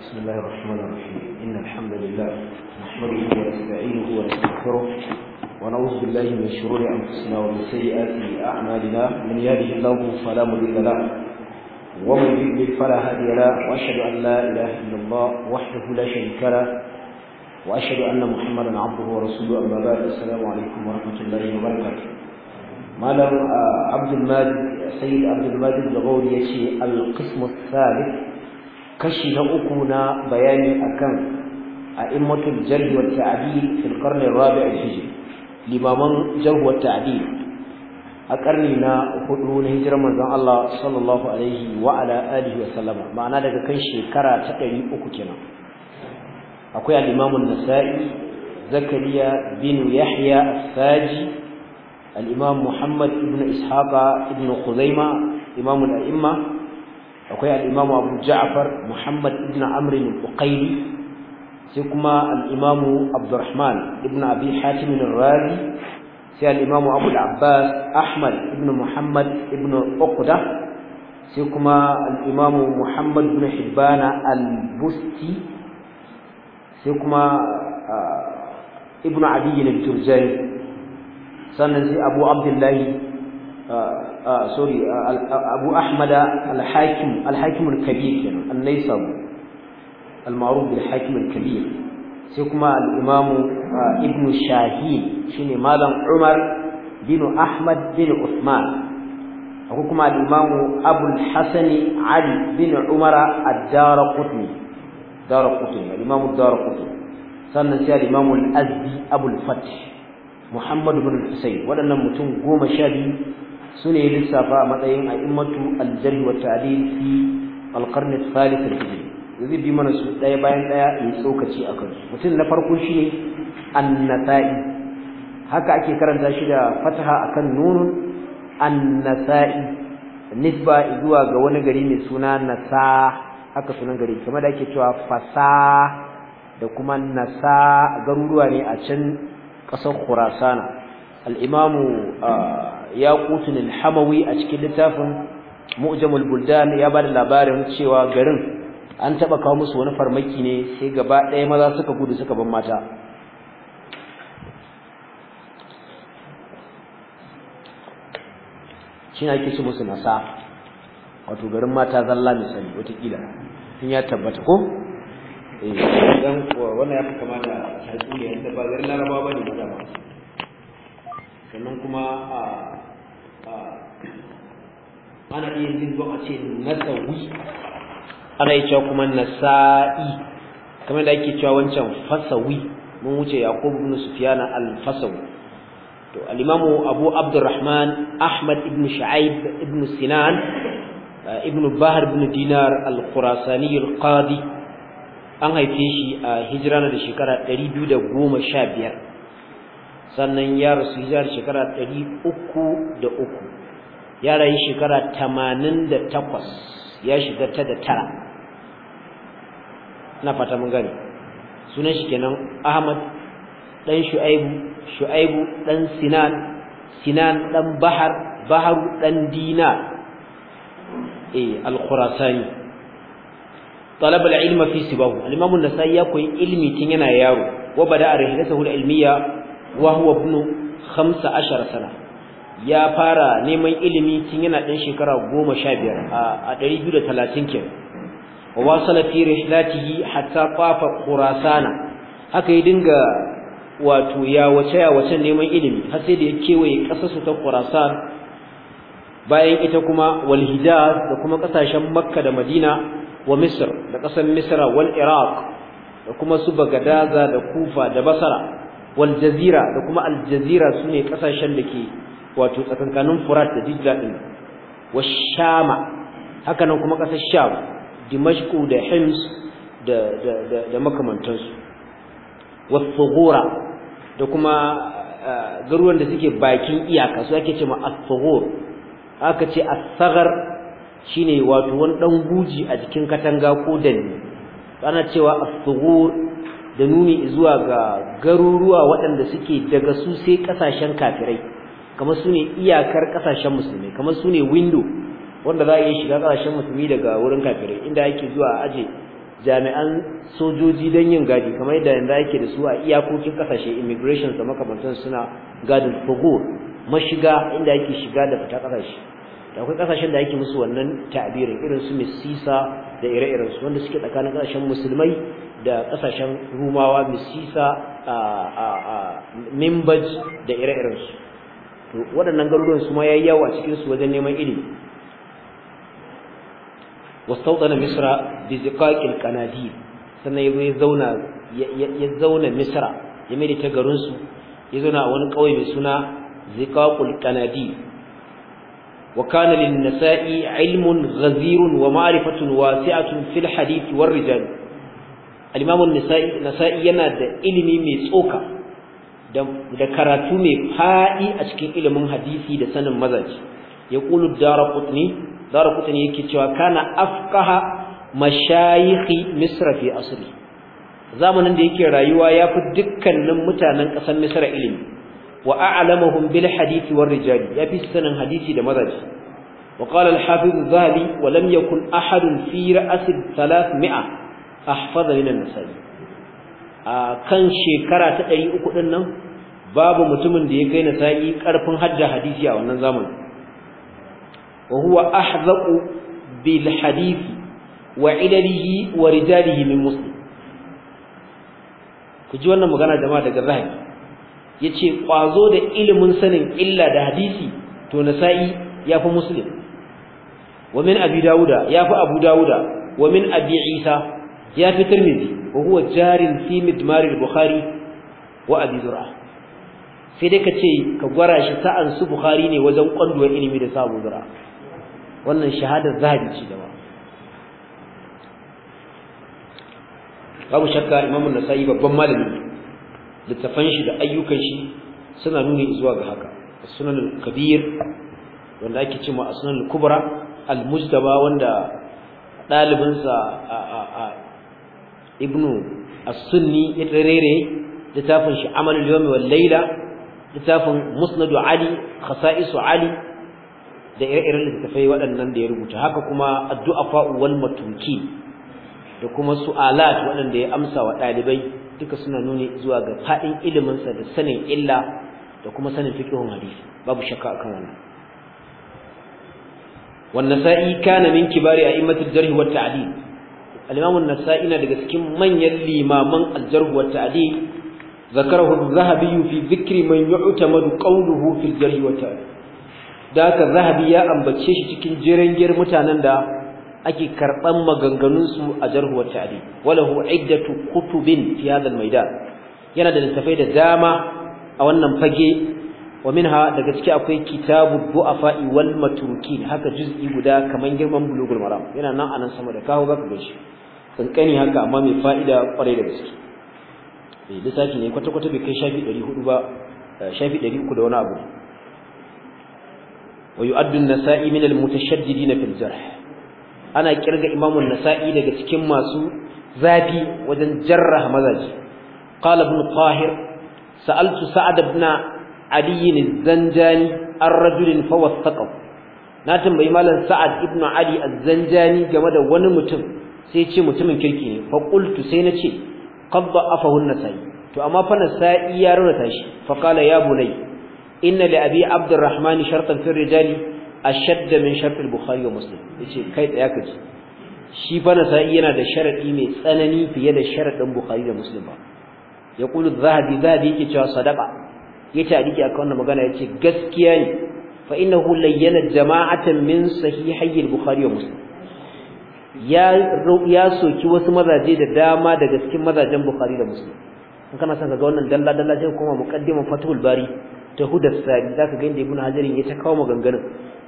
بسم الله الرحمن الرحيم إن الحمد لله نحمده ونستعينه ونستغفره ونعوذ بالله من شرور أنفسنا ومن سيئات أعمالنا من يهده الله فلا مضل له ومن يضلل فلا هادي له وأشهد أن لا إله إلا الله وحده لا شريك له وأشهد أن محمدا عبده ورسوله أما بعد السلام عليكم ورحمة الله وبركاته مالم عبد المجيد سيد عبد المجيد الغوري يشي القسم الثالث kashi na uku na bayani akan a'immatul jarh wa ta'dil fil qarn ar-rabi' al-hijri limaman jarh wa ta'dil a karni na hudu na hijirar manzon Allah sallallahu alaihi wa ala alihi wa sallama ma'ana daga kan shekara ta 300 kenan akwai al-imam an-nasa'i zakariya bin yahya as-saji al-imam muhammad ibn ishaqa ibn khuzaimah imam al-a'imma akwai al-imam Abu Ja'far Muhammad ibn Amr al-Uqayli sai kuma al Abdurrahman ibn Abi Hatim al-Razi sai al-imam Abu abbas Ahmad ibn Muhammad ibn Uqda sai kuma al Muhammad ibn Hibban al-Busti sai kuma ibn Abi al-Turjani sannan sai Abu Abdullah sorry abu Ahmad al-hakim al-hakim al-kabir al-naysabi al-ma'ruf bil hakim al-kabir sai kuma al-imam ibn shahin shine malam umar bin ahmad bin usman akwai kuma al-imamu abul hasani ali bin umara ad-darqutni darqutni al-imamu darqutni sannan sai al-imamu al-azdi abul fath muhammad bin al-husayn wadannan mutum goma sha biyu. su ne lissafa a matsayin a'immatu al-jarh wa ta'dil fi al zai bi mana su ɗaya bayan ɗaya ya tsokaci a kan mutum na farko shine an sa'i, haka ake karanta shi da fataha akan nunun an sa'i. nisba zuwa ga wani gari mai suna nasa haka sunan gari kamar da ake cewa fasa da kuma nasa garuruwa ne a can ƙasar khurasana al'imamu. imamu ah, yaqutun al-hamawi a cikin littafin mu'jamul buldan ya bada labarin cewa garin an taba kawo musu wani farmaki ne sai gaba ɗaya maza suka gudu suka ban mata shi ake su musu nasa wato garin mata zalla misali watakila in ya tabbata ko eh, dan wannan ya fi kama da tatsuniya ba garin laraba ba ne ba sannan kuma a ah, ana iya yin zuwa a ce nasawi ana yi cewa kuma nasa'i kamar da ake cewa wancan fasawi mun wuce yakubu ibn sufyana al-fasawi to al abu abdurrahman ahmad ibn shu'aib ibn sinan eh, ibn bahar ibn dinar al-khurasani al an haife shi a hijira da shekara 215 sannan ya rasu hijirar shekara ɗari uku da uku ya rayu shekara tamanin da takwas ya shiga ta da tara na fata mun gani sunan shi kenan ahmad ɗan shu'aibu shu'aibu ɗan sinan sinan ɗan bahar baharu ɗan dina eh al-khurasani طلب العلم في سباه الامام النسائي يكوي علمي تين yana yaro وبدا رحلته العلميه wa huwa ibn ashara sana ya fara neman ilimi tun yana dan shekara 15 a 230 kin wa wasala fi rihlatihi hatta qafa qurasana haka ya dinga wato ya wace ya wace neman ilimi har sai da ya kewaye kasarsu ta Khurasan bayan ita kuma wal Hijaz da kuma kasashen Makka da Madina wa Misr da kasan Misra wal Iraq da kuma su Bagadaza da Kufa da Basra wal da kuma al sune kasashen da ke wato tsakankanin Furat da Dijla din wa Shama haka nan kuma kasar Sham dimashku da Hims da da da, makamantansu wa da kuma garuruwan da suke bakin iyaka su ake cewa ma thughur aka ce as shine wato wani dan guji a jikin katanga ko danni ana cewa as da nuni zuwa ga garuruwa waɗanda suke daga su sai ƙasashen kafirai kamar su ne iyakar ƙasashen musulmi kamar su ne window wanda za a iya shiga ƙasashen musulmi daga wurin kafirai inda ake zuwa a aje jami'an sojoji don yin gadi kamar yadda yanzu ake da su a iyakokin ƙasashe immigration da makamantan suna gadin fago mashiga inda ake shiga da fita ƙasashe da akwai ƙasashen da ake musu wannan ta'abirin irin su misisa da ire-irensu wanda suke tsakanin ƙasashen musulmai da kasashen rumawa misisa a mimbaj da ire su. to waɗannan garuruwan su ma yayi yawa cikin su wajen neman ilimi wastawtana misra bi ziqaqil qanadil sannan yazo zauna ya zauna misra ya mai ta garin su ya zauna a wani kauye mai suna ziqaqul qanadil wa kana lin nasa'i ilmun ghazirun wa ma'rifatun wasi'atun fil hadith war rijal al Nisa'i nasa'i yana da ilimi mai tsoka da karatu mai faɗi a cikin ilimin hadisi da sanin mazaji ya qulu daraqutni daraqutni yake cewa kana afqaha mashayikhi misr fi asli zamanin da yake rayuwa yafi dukkanin mutanen ƙasar misra ilimi wa a'lamuhum bil hadisi war rijali yafi sanin hadisi da mazaji وقال الحافظ الذهبي ولم يكن أحد في رأس الثلاثمائة أحفظ من an كان a kan shekara ta 300 din nan babu mutumin da ya kai nasa'i karfin hadda hadisi a wannan zamanin wa huwa wannan magana jama'a daga zahiri yace kwazo da ilimin sanin illa da hadisi to nasa'i yafi muslim wa min abi dauda yafi abu dauda wa min abi isa ya fi tirmidhi wa huwa jarin fi midmar al-bukhari wa abi zur'a sai dai kace ka gwara shi an su bukhari ne wajen kwanduwar ilimi da sabu zur'a wannan shahadar zahiri ce da ba babu shakka imamu nasai babban malami littafan shi da ayyukan shi suna nuni zuwa ga haka sunan al-kabir wanda ake cewa sunan al-kubra al mujtaba wanda dalibinsa a ibnu as-sunni ya tarere littafin shi amalul yawmi wal layla littafin musnadu ali khasa'isu ali da ire-iren littafai waɗannan da ya rubuta haka kuma addu'a wal matuki da kuma su'alat waɗanda ya amsa wa ɗalibai duka suna nuni zuwa ga haɗin iliminsa da sanin illa da kuma sanin fiqhun hadisi babu shakka akan wannan wannan sa'i kana min kibari a'immatul jarh wa ta'dil al-imam an-nasa'i na daga cikin manyan limaman al-jarh wa ta'dil zakarahu az-zahabi fi dhikri man yu'tamadu qawluhu fi al-jarh wa ta'dil da ya ambace shi cikin jirangiyar mutanen da ake karban maganganun su a jarh wa ta'dil walahu iddatu kutubin fi hadha al yana da littafai da dama a wannan fage ومنها daga ciki akwai kitabud du'afa wal matrukin haka juz'i guda kamar girman bulugul maram yana nan anan sama da kawo zaka ga shi kankani haka amma mai fa'ida kwarai da gaske eh lissafi ne kwata kwata bai kai shafi 400 ba eh, shafi 300 da wani abu wa yu'addu an-nasa'i min al-mutashaddidin fil jarh ana kirga imamu an-nasa'i daga cikin masu zafi wajen jarrah mazaji qala ibn qahir sa'altu sa'ad ibn ali az-zanjani ar-rajul fa wasaqahu na tambayi malam sa'ad ibn ali az-zanjani game da wani mutum sai ce mutumin kirki ne fa qultu sai nace qabba afahun nasai to amma fa nasai ya rurata tashi. fa qala ya bunay inna li abi abdurrahman shartan fi rijali ashadd min shart al-bukhari wa muslim yace kai tsaya kaji shi fa nasai yana da sharadi mai tsanani fiye da sharadin bukhari da muslim ba Ya yaqulu dhahabi dhahabi yake cewa sadaqa yace a dike akan wannan magana yace gaskiya ne fa innahu layyana jama'atan min sahihayyi al-bukhari wa muslim ya soki wasu mazaje da dama daga cikin mazajen Bukhari da Muslim in kana son kaga wannan dalla dalla sai kuma muqaddimah Fathul Bari ta Sari zaka ga inda Ibn Hajar ya ta kawo maganganun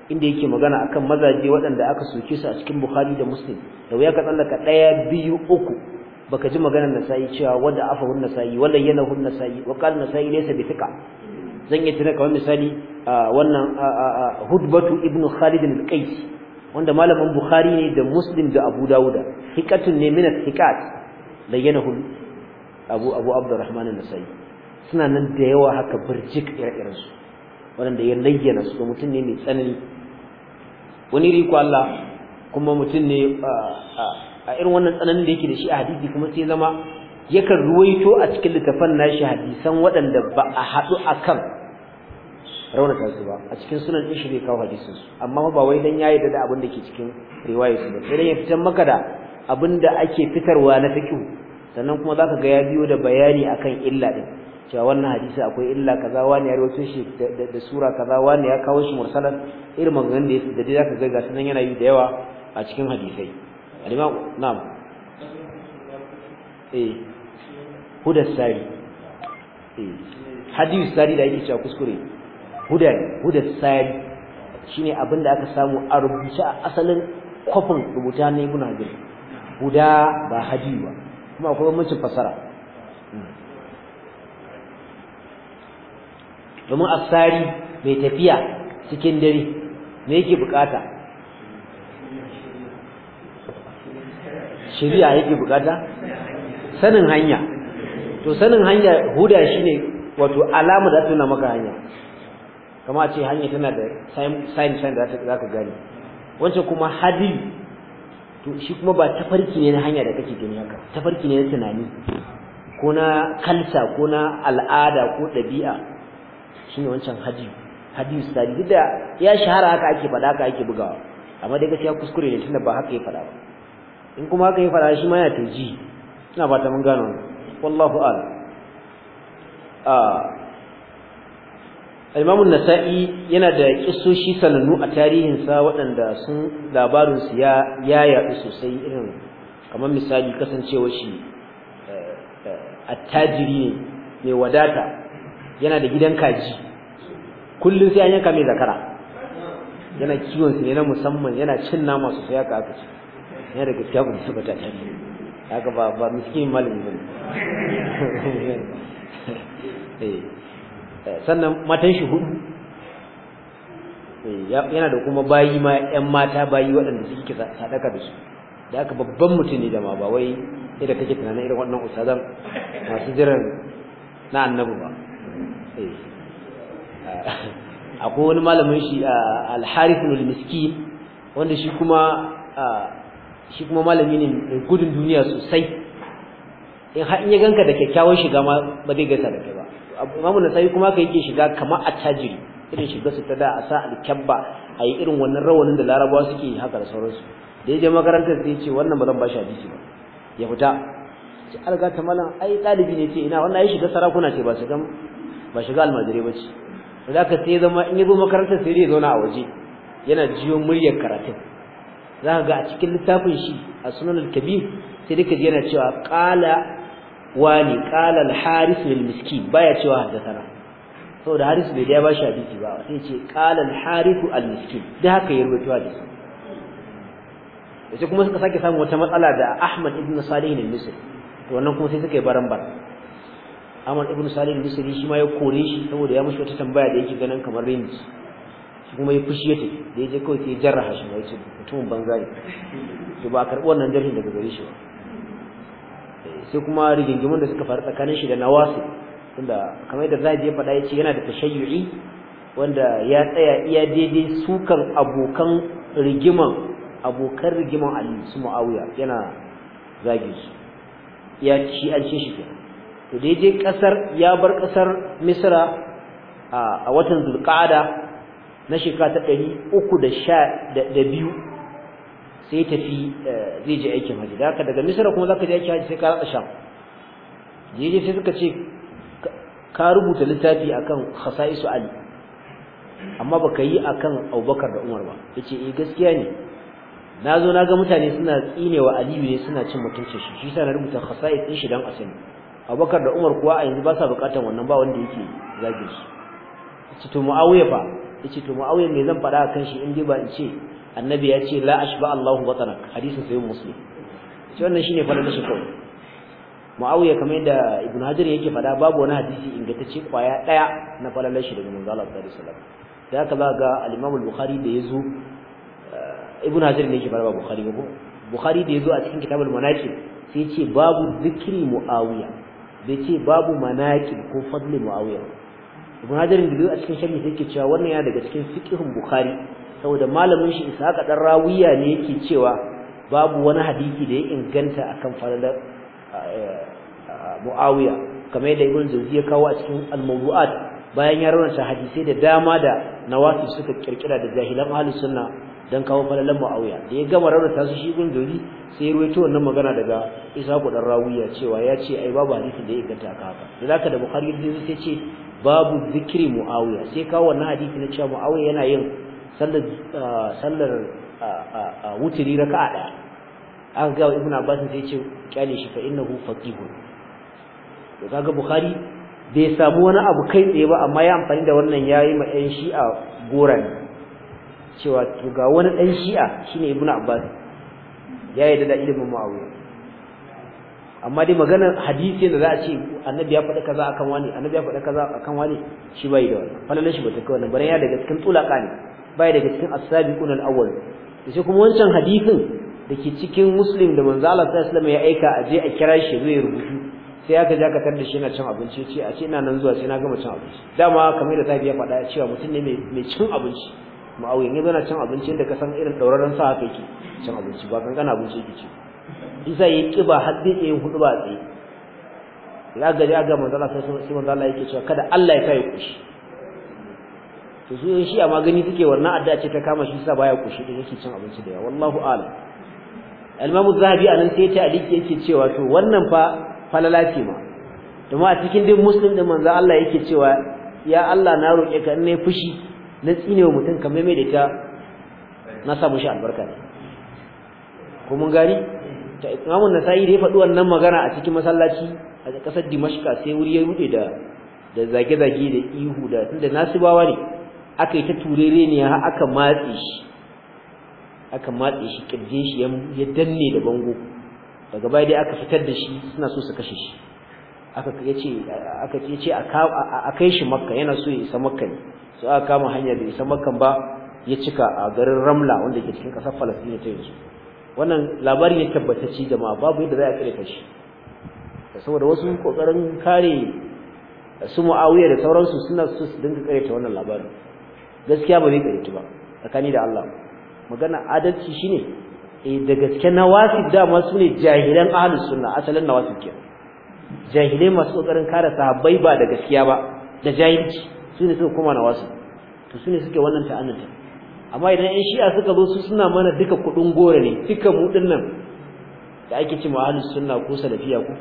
inda yake magana akan mazaje waɗanda aka soke su a cikin Bukhari da Muslim da wuya ka tsallaka ɗaya biyu uku baka ji maganar Nasa'i cewa wanda afa hun Nasa'i wala yana hun Nasa'i wa qala Nasa'i laysa bi thiqa zan yi tunaka wannan misali wannan hudbatu ibnu Khalid al-Qais wanda malamin bukhari ne da muslim da abu dauda hikatun ne minat hikat bayyanahu abu abu abdurrahman an-nasai suna nan da yawa haka burjik ire-iren su wanda ya layyana su ga mutum ne mai tsanani wani riko Allah kuma mutum ne a irin wannan tsananin da yake da shi a hadisi kuma sai zama yakan ruwaito a cikin littafan nashi hadisan waɗanda ba a haɗu a kan. raunata su ba a cikin sunan din shi bai kawo hadisin su amma ba wai dan yayi da abin da ke cikin riwayar su ba sai dan ya fitan maka da abin da ake fitarwa na fiqh sannan kuma zaka ga ya biyo da bayani akan illa din cewa wannan hadisi akwai illa kaza wani ya rawaito shi da sura kaza wani ya kawo shi mursalan irin maganganun da da dai zaka ga ga sunan yana yi da yawa a cikin hadisai na'am eh hudasari eh hadisi sari da yake cewa kuskure huda huda sari shine abin da aka samu a rubuce a asalin kofin rubuta na ibn hajar huda ba hadi ba kuma akwai bambancin fasara domin asari mai tafiya cikin dare me yake bukata shari'a yake bukata sanin hanya to sanin hanya huda shine wato alama da tuna maka hanya kama ce hanya tana da sign sign da za ka gane wancan kuma hadi to shi kuma ba tafarki ne na hanya da kake gani haka tafarki ne na tunani ko na kalsa ko na al'ada ko ɗabi'a shine wancan hadi hadi sadi duk da ya shahara haka ake faɗa haka ake bugawa amma dai gaskiya kuskure ne tunda ba haka ya faɗa ba in kuma haka ya faɗa shi ma yana taji ina ta mun gano wallahu a'lam ah. Imam nasai yana da kissoshi sanannu a tarihin sa waɗanda sun labarin su ya ya yaɗu sosai irin kamar misali kasancewa shi eh, eh, attajiri ne mai wadata yana da gidan kaji kullun sai an yanka mai zakara yana kiwon su ne na musamman yana cin nama sosai haka aka ce yana da gaskiya ku suka ta tarihi haka ba ba miskin malami ne eh Eh, sannan matan shi hudu eh, yana da kuma bayi ma ƴan mata bayi waɗanda suke sadaka da su da aka babban mutum ne da ma ba wai idan kake tunanin irin wannan ustazan masu jiran na annabi ba eh, akwai wani malamin shi al-harith miskin wanda shi kuma shi kuma malami ne mai gudun duniya sosai in in ya ganka da kyakkyawan shiga ma ba zai gaisa da kai ba na sai kuma ka yake shiga kamar attajiri irin shiga su ta da a sa alkyabba a yi irin wannan rawanin da Larabawa suke yi haka da sauransu da ya je makarantar sai ya ce wannan ba zan ba shi hadisi ba ya fita ce alga ta malam ai ɗalibi ne ce ina wannan ya shiga sarakuna ce ba shiga ba shiga almajirai ba ce da ka sai zama in ya zo makarantar sai zai zauna a waje yana jiyo muryar karatun za ka ga a cikin littafin shi a sunan al sai duka yana cewa ƙala. wani qala al-haris lil miskin baya cewa haddathana saboda haris bai da bashi hadisi ba sai ce qala al-haris al-miskin da haka ya rubuta hadisi sai kuma suka sake samu wata matsala da Ahmad ibn Salih al-Misri to wannan kuma sai suka yi barambar Ahmad ibn Salih al-Misri shi ma ya kore shi saboda ya mushi wata tambaya da yake ganin kamar rinji shi kuma ya fushi ya tafi da yake kawai sai ya jarraha shi ya ce mutumin banza ne to ba a karɓi wannan jarhin daga gare shi ba sai kuma rigingimin da suka faru tsakanin shi da nawasi tunda kamar yadda zai ya faɗa ya ce yana da tashayyu'i wanda ya tsaya iya daidai sukan abokan rigiman abokan rigiman Ali su Muawiya yana zage su ya ci an ce shi ke to daidai kasar ya bar kasar Misra a watan Zulqa'ada na shekara ta 312 sai tafi eh, zai je aikin haji da daga misira kuma zaka je aikin haji sai ka ratsa sham jeje sai suka ce ka rubuta littafi akan khasa'isu ali amma baka yi akan abubakar da umar ba yace eh gaskiya ne na zo na ga mutane suna tsinewa aliyu ne suna cin mutuncin shi shi yasa na rubuta khasa'is din shi dan asali abubakar da umar kuwa a yanzu ba sa bukatar wannan ba wanda yake zagin shi yace to muawiya fa yace to muawiya me zan faɗa akan shi in dai ba in ce annabi ya ce la ashba Allahu batana hadisin sai muslim shi wannan shine falalar shi kawai muawiya kamar yadda ibn hajar yake fada babu wani hadisi ingantacce kwaya daya na falalar shi daga manzo Allah sallallahu alaihi wasallam da haka ga al-imam al-bukhari da yazo eh, ibn hajar ne yake fada babu bukhari ko bukhari da yazo a cikin kitabul manaqib sai ya ce babu zikri muawiya bai ce babu manaqib ko fadli muawiya ibn hajar da yazo a cikin sharhi sai yake cewa wannan ya daga cikin fiqhun bukhari saboda malamin shi Ishaq dan Rawiya ne yake cewa babu wani hadisi da ya inganta akan falalar Muawiya kamar yadda Ibn Jawzi ya kawo a cikin al-mawdu'at bayan ya rawaita hadisai da dama da nawasi suka kirkira da jahilan ahli sunna dan kawo falalar Muawiya da ya gama rawaita su shi Ibn Jawzi sai ruwaito wannan magana daga Ishaq dan Rawiya cewa ya ce ai babu hadisi da ya inganta akan haka da haka da Bukhari sai ce babu zikri Muawiya sai kawo wannan hadisi na cewa Muawiya yana yin sallar sallar wutiri raka'a daya aka ga ibnu abbas sai ya ce kyale shi fa innahu faqihun to kaga bukhari bai samu wani abu kai tsaye ba amma ya amfani da wannan yayi ma ɗan shi'a goran cewa to ga wani ɗan shi'a shine ibnu abbas ya yi da ilimin muawiya amma dai maganar hadisi da za a ce annabi ya faɗi kaza akan wani annabi ya faɗi kaza akan wani shi bai da wannan falalar shi bata kawai nan bare ya daga cikin tulaka ne bai daga cikin as-sabiqun al-awwal sai kuma wancan hadisin dake cikin muslim da manzo Allah sallallahu alaihi ya aika a je a kira shi zai rubutu sai aka ja katar da shi yana cin abinci ce a ce ina nan zuwa sai na gama cin abinci dama kamar da tafi ya faɗa cewa mutum ne mai cin abinci mu'awiyin ne yana cin abinci da ka san irin dauraron sa haka yake cin abinci ba kankana abinci yake ci isa yi kiba har zai iya hudu ba tsaye ya gaji ga manzo Allah sai manzo Allah yake cewa kada Allah ya kai kushi to su shi a gani suke wannan adda ce ta kama shi sa baya kushi da yake cin abinci da yawa wallahu a'lam al-imam az-zahabi anan sai ta aliki yake cewa to wannan fa falala ce ma to ma cikin din muslim din manzo Allah yake cewa ya Allah na roƙe ka in ne fushi na tsinewa mutum kamar mai da ta na sa mushi albarka ne ko mun gani ta imamun nasa'i da ya faɗi wannan magana a cikin masallaci a ƙasar dimashka sai wuri ya rude da da zage-zage da ihu da tunda nasibawa ne aka yi ta turere ne har aka matse shi aka matse shi kirje shi ya danne da bango daga baya dai aka fitar da shi suna so su kashe shi aka yace aka a kai shi makka yana so ya isa makka ne so aka kama hanyar da isa makka ba ya cika a garin ramla wanda ke cikin kasar falastin ta yanzu wannan labari ne tabbataci jama'a babu yadda za a kare shi saboda wasu kokarin kare su mu'awiyar da sauransu suna so su dinga kare ta wannan labarin gaskiya ba zai ita ba tsakani da Allah magana adalci shine eh da gaske nawasib da ma sune jahilan ahlus sunna asalin nawasib ke jahilai masu kokarin kare sahabbai ba da gaskiya ba da jahilci sune suka na nawasib to sune suke wannan ta'annata amma idan ɗan shi'a suka zo su suna mana duka kudin gore ne duka mu dinnan da ake cewa ahlus sunna ko salafiya ko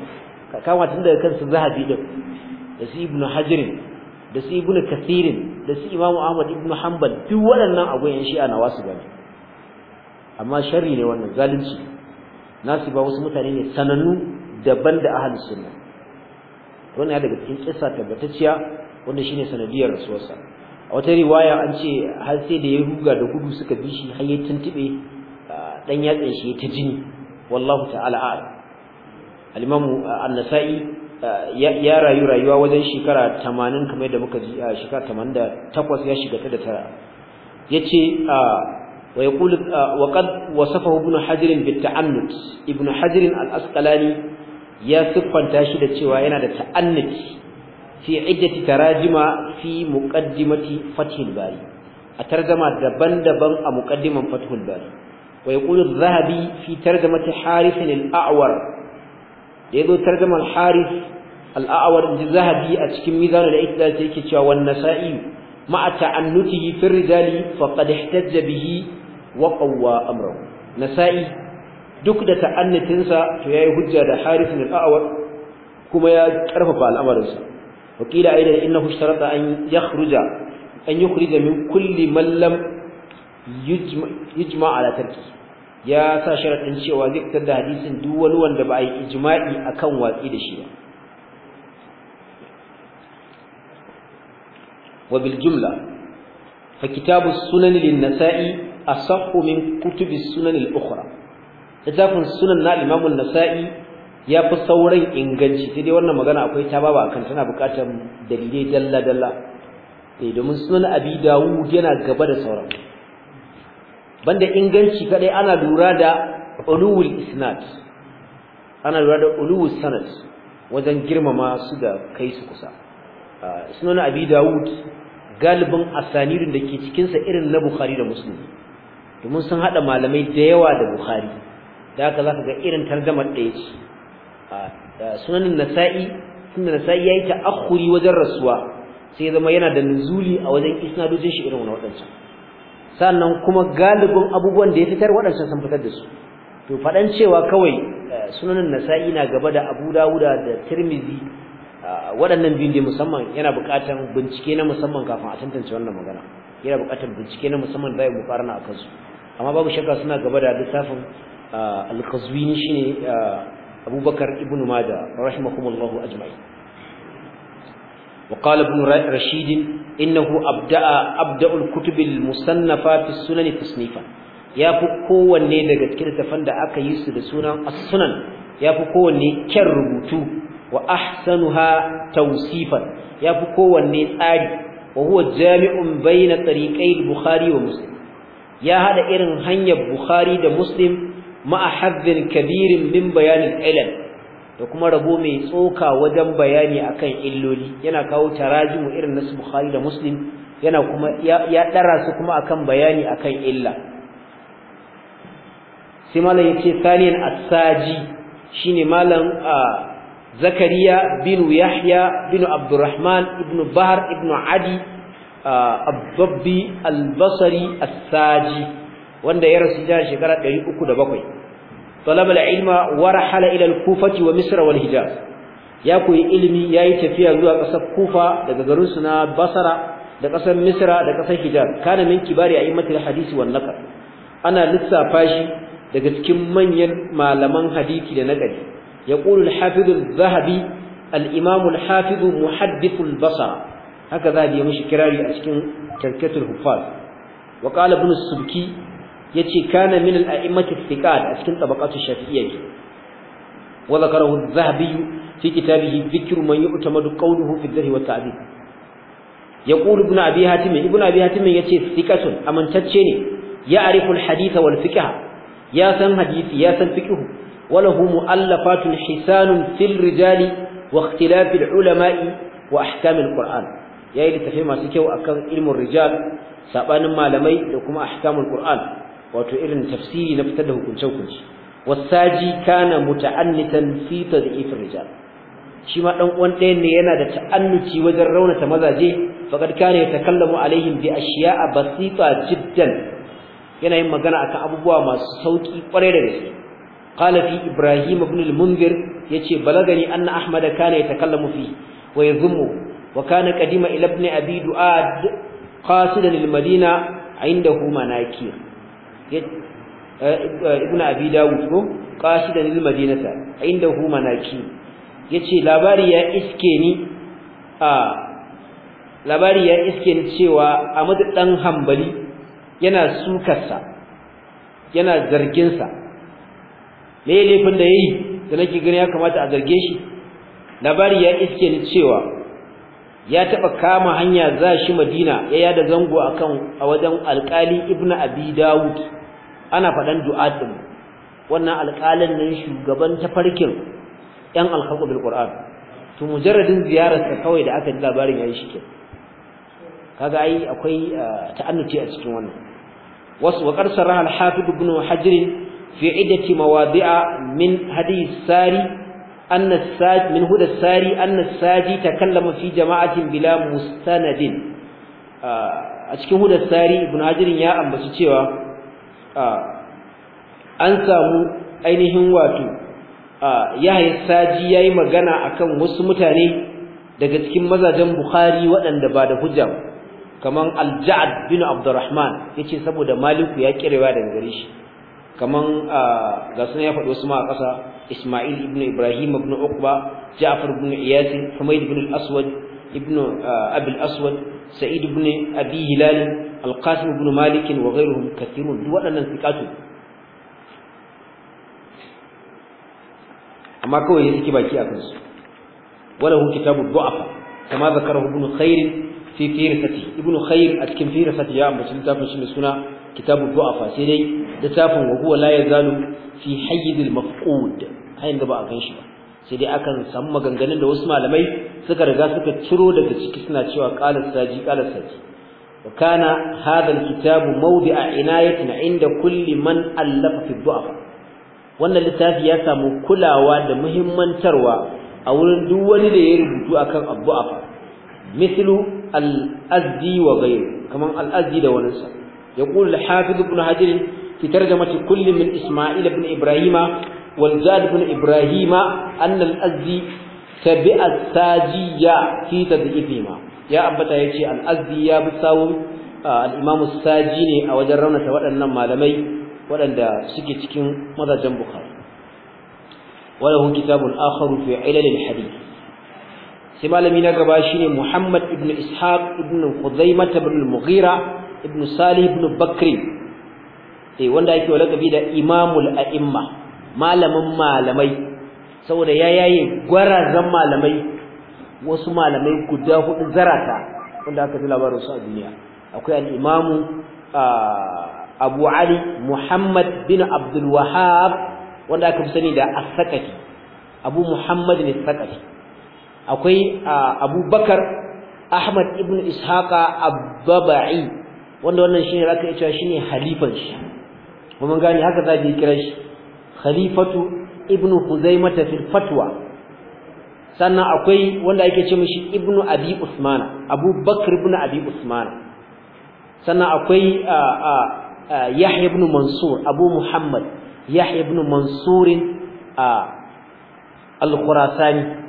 kama tun daga kansu zahabi da su ibnu hajirin da su ibn kathirin da su imamu ahmad ibn hanbal duk waɗannan abun yan shi'a na wasu gani amma sharri ne wannan zalunci nasu ba wasu mutane ne sanannu daban da ahlus sunna wannan ya daga cikin kissa tabbatacciya wanda shine sanadiyar rasuwarsa a wata riwaya an ce har sai da ya ruga da gudu suka bi shi har ya tuntube dan yatsan shi ta jini wallahu ta'ala a'lam al-imamu an-nasa'i Eh, ya rayu rayuwa wajen shekara 80 kamar da muka ji a eh, shekara 88 ya shiga ta da tara yace ah, wa yaqulu ah, wa qad wasafahu ibn hajar bitta ta'annut ibn hajar al-asqalani ya siffanta shi da cewa yana da ta'annut fi iddati tarajima fi muqaddimati fathul bari a tarjama daban-daban a muqaddiman fathul bari wa yaqulu adh-dhahabi fi tarjamati harith al-a'war yazo zo al-harith al'awar awar ji zahabi a cikin mizan da ita da yake cewa wan nasa'i ma'a ta'annutihi fi rijali faqad ihtajja bihi wa qawwa amrahu nasa'i duk da ta'annutin sa to yayi hujja da harith bin al kuma ya karfafa al'amarin sa wakila aidan innahu ishtarata an yakhruja an yukhrija min kulli man lam yujma ala tarki ya sa sharadin cewa zai da hadisin duk wani wanda ba a yi ijma'i akan watsi da shi ba wa bil jumla fa kitabu sunan lin nasa'i asahhu min kutubi sunan al ukhra littafin sunan na imamu nasa'i ya fi sauran inganci sai dai wannan magana akwai ta baba akan tana buƙatar dalilai dalla dalla eh domin sunan abi dawud yana gaba da sauran banda inganci kadai ana lura da ulul isnad ana lura da ulul sanad wajen girmama su da kai su kusa sunan abi dawud galibin asanirin da ke cikinsa irin na bukhari da muslim domin sun haɗa malamai da yawa da bukhari da haka za ka ga irin tarjamar ɗaya ce sunanin nasa'i tunda nasa'i ya yi ta'akhuri wajen rasuwa sai zama yana da nuzuli a wajen isnadojin shi irin waɗancan sannan kuma galibin abubuwan da ya fitar waɗancan sun fitar da su to faɗan cewa kawai eh, sunanin nasa'i na gaba da abu dawuda da tirmizi waɗannan biyu musamman yana buƙatar bincike na musamman kafin a tantance wannan magana yana buƙatar bincike na musamman da ya mukarana a kansu amma babu shakka suna gaba da littafin ah, al-qazwini shine ah, abubakar ibn majah rahimahumullahu ajma'in وقال ابن رشيد innahu أبدأ أبدأ الكتب المصنفة في السنن تصنيفا ya fi kowanne daga cikin tafan da aka yi su da sunan as-sunan ya fi kowanne kyan rubutu wa ahsanuha tawsifan yafi kowanne tsari wa huwa jami'un baina tariqai al-bukhari wa muslim ya hada irin hanyar bukhari da muslim ma'a haddin kabirin min bayanin ilal da kuma rabo mai tsoka wajen bayani akan illoli yana kawo tarajimu irin nasu bukhari da muslim yana kuma ya dara su kuma akan bayani akan illa sai malam yace saniyan asaji shine malam ah, zakariya bin yahya bin abdurrahman ibnu bahar ibnu adi uh, abdubbi albasari assaji wanda ya rasu jihar shekara 307 talaba da ilma wa rahala ila al-kufati wa misra wal hijaz ya koyi ilimi yayi tafiya zuwa kasar kufa daga garinsu na basra da kasar misra da kasar hijaz kana min kibari a'immatul hadisi wal wannaka ana lissafa shi daga cikin manyan malaman hadisi da na naqli يقول الحافظ الذهبي الإمام الحافظ محدث البصر هكذا يمشي كراري أسكن تركة الهفاظ وقال ابن السبكي يتي كان من الأئمة الثقات أسكن طبقات الشافعية وذكره الذهبي في كتابه ذكر من يؤتمد قوله في الذهب والتعذيب يقول ابن أبي هاتم ابن أبي هاتم يتي ثقة أمن تتشيني يعرف الحديث والفقه يا سن حديث يا سن فقه Walahu وله مؤلفات حسان في الرجال واختلاف wa واحكام القران yayi da tafi masu kyau akan ilmun rijal saɓanin malamai da kuma ahkamul qur'an wato irin tafsiri na fitar da hukuncin kunci wasaji kana muta'annitan da tad'if rijal shi ma dan uwan dayan ne yana da ta'annuci wajen raunata mazaje faqad kana yatakallamu alaihim bi a basita jiddan yana yin magana akan abubuwa masu sauki kware da gaske qala fi ibrahim ibn al-munzir yace balagani anna ahmad kana yatakallamu fi wa yadhmu wa kana qadima ila ibn abi duad qasidan al-madina indahu manakir ibn abi ya iske iske ni cewa Ahmad ɗan Hanbali yana sukarsa yana zarginsa. me laifin da yayi da nake gani ya kamata a zarge shi labari ya iske ni cewa ya taba kama hanya za shi Madina ya yada zango akan a wajen Alƙali Ibn Abi Dawud ana fadan du'a din wannan alkalin nan shugaban tafarkin yan alhaqu bil Qur'an to mujarradin ziyararsa kawai da aka ji labarin yayi shi kaga ai akwai ah, ta'annuci a cikin wannan wasu wa qarsara al-hafid ibn hajr في عدة مواضع من هدي الساري أن الساج من هدى الساري أن الساجي تكلم في جماعة بلا مستند أشكي هدى الساري ابن عجر يا أم an samu ainihin wato yahya saji yayi magana akan wasu mutane daga cikin mazajen bukhari waɗanda ba da hujja kamar al-ja'd bin ya ce saboda maliku ya kirewa daga gare shi kaman ga sunan ya faɗi wasu ma a ƙasa Ismail ibn Ibrahim ibn Uqba Ja'far ibn Iyas Humayd ibn al-Aswad ibn Abi al-Aswad Sa'id ibn Abi Hilal Al-Qasim ibn Malik wa ghayruhum kathirun waɗannan sikatu amma kawai ya saki baki a kansu wala hu kitabu du'afa kama zakarahu ibn Khair fi firsati ibnu khair a cikin firsati ya ambaci littafin shi suna kitabu du'afa sai dai littafin wa huwa la yazalu fi hayyidil mafqud hayin da ba a ba sai dai akan samu maganganun da wasu malamai suka riga suka ciro daga ciki suna cewa qala saji qala saji wa kana hadha alkitabu mawdi'a inayatin inda kulli man allafa fi du'afa wannan littafi ya samu kulawa da muhimmantarwa a wurin duk wani da ya rubutu akan addu'a mithlu al-azdi wa ghayru kaman al-azdi da wani sa yaqulu al-hafiz ibn hajr fi tarjamati kulli min isma'il ibn ibrahima wal bin ibn ibrahima an al-azdi tabi'a sajiya fi tadhibima ya abata yace al-azdi ya bisawu al-imam as-saji ne a wajen raunata waɗannan malamai waɗanda suke cikin mazajen bukhari wala hun kitabun akharu fi ilal al-hadith sai malami na gaba shine Muhammad ibn Ishaq ibn Khuzaimah ibn Mughira ibn Salih ibn Bakri eh wanda yake lakabi da Imamul A'imma malamin malamai saboda ya yaye gwarazan malamai wasu malamai guda hudu zarata wanda aka ji labarin su a duniya akwai al-Imam Abu Ali Muhammad bin Abdul Wahhab wanda aka fi sani da As-Sakati Abu Muhammad ne Sakati akwai abubakar ahmad ibn ishaqa abbaba'i wanda wannan ne zaka iya shi shine halifan shi kuma gani haka za ki kira shi khalifatu ibn huzaimata fil fatwa sannan akwai wanda ake ce mishi ibn abi usmana abubakar ibn abi Usman, sannan akwai yahya ibn mansur abu muhammad yahya ibn mansur al-khurasani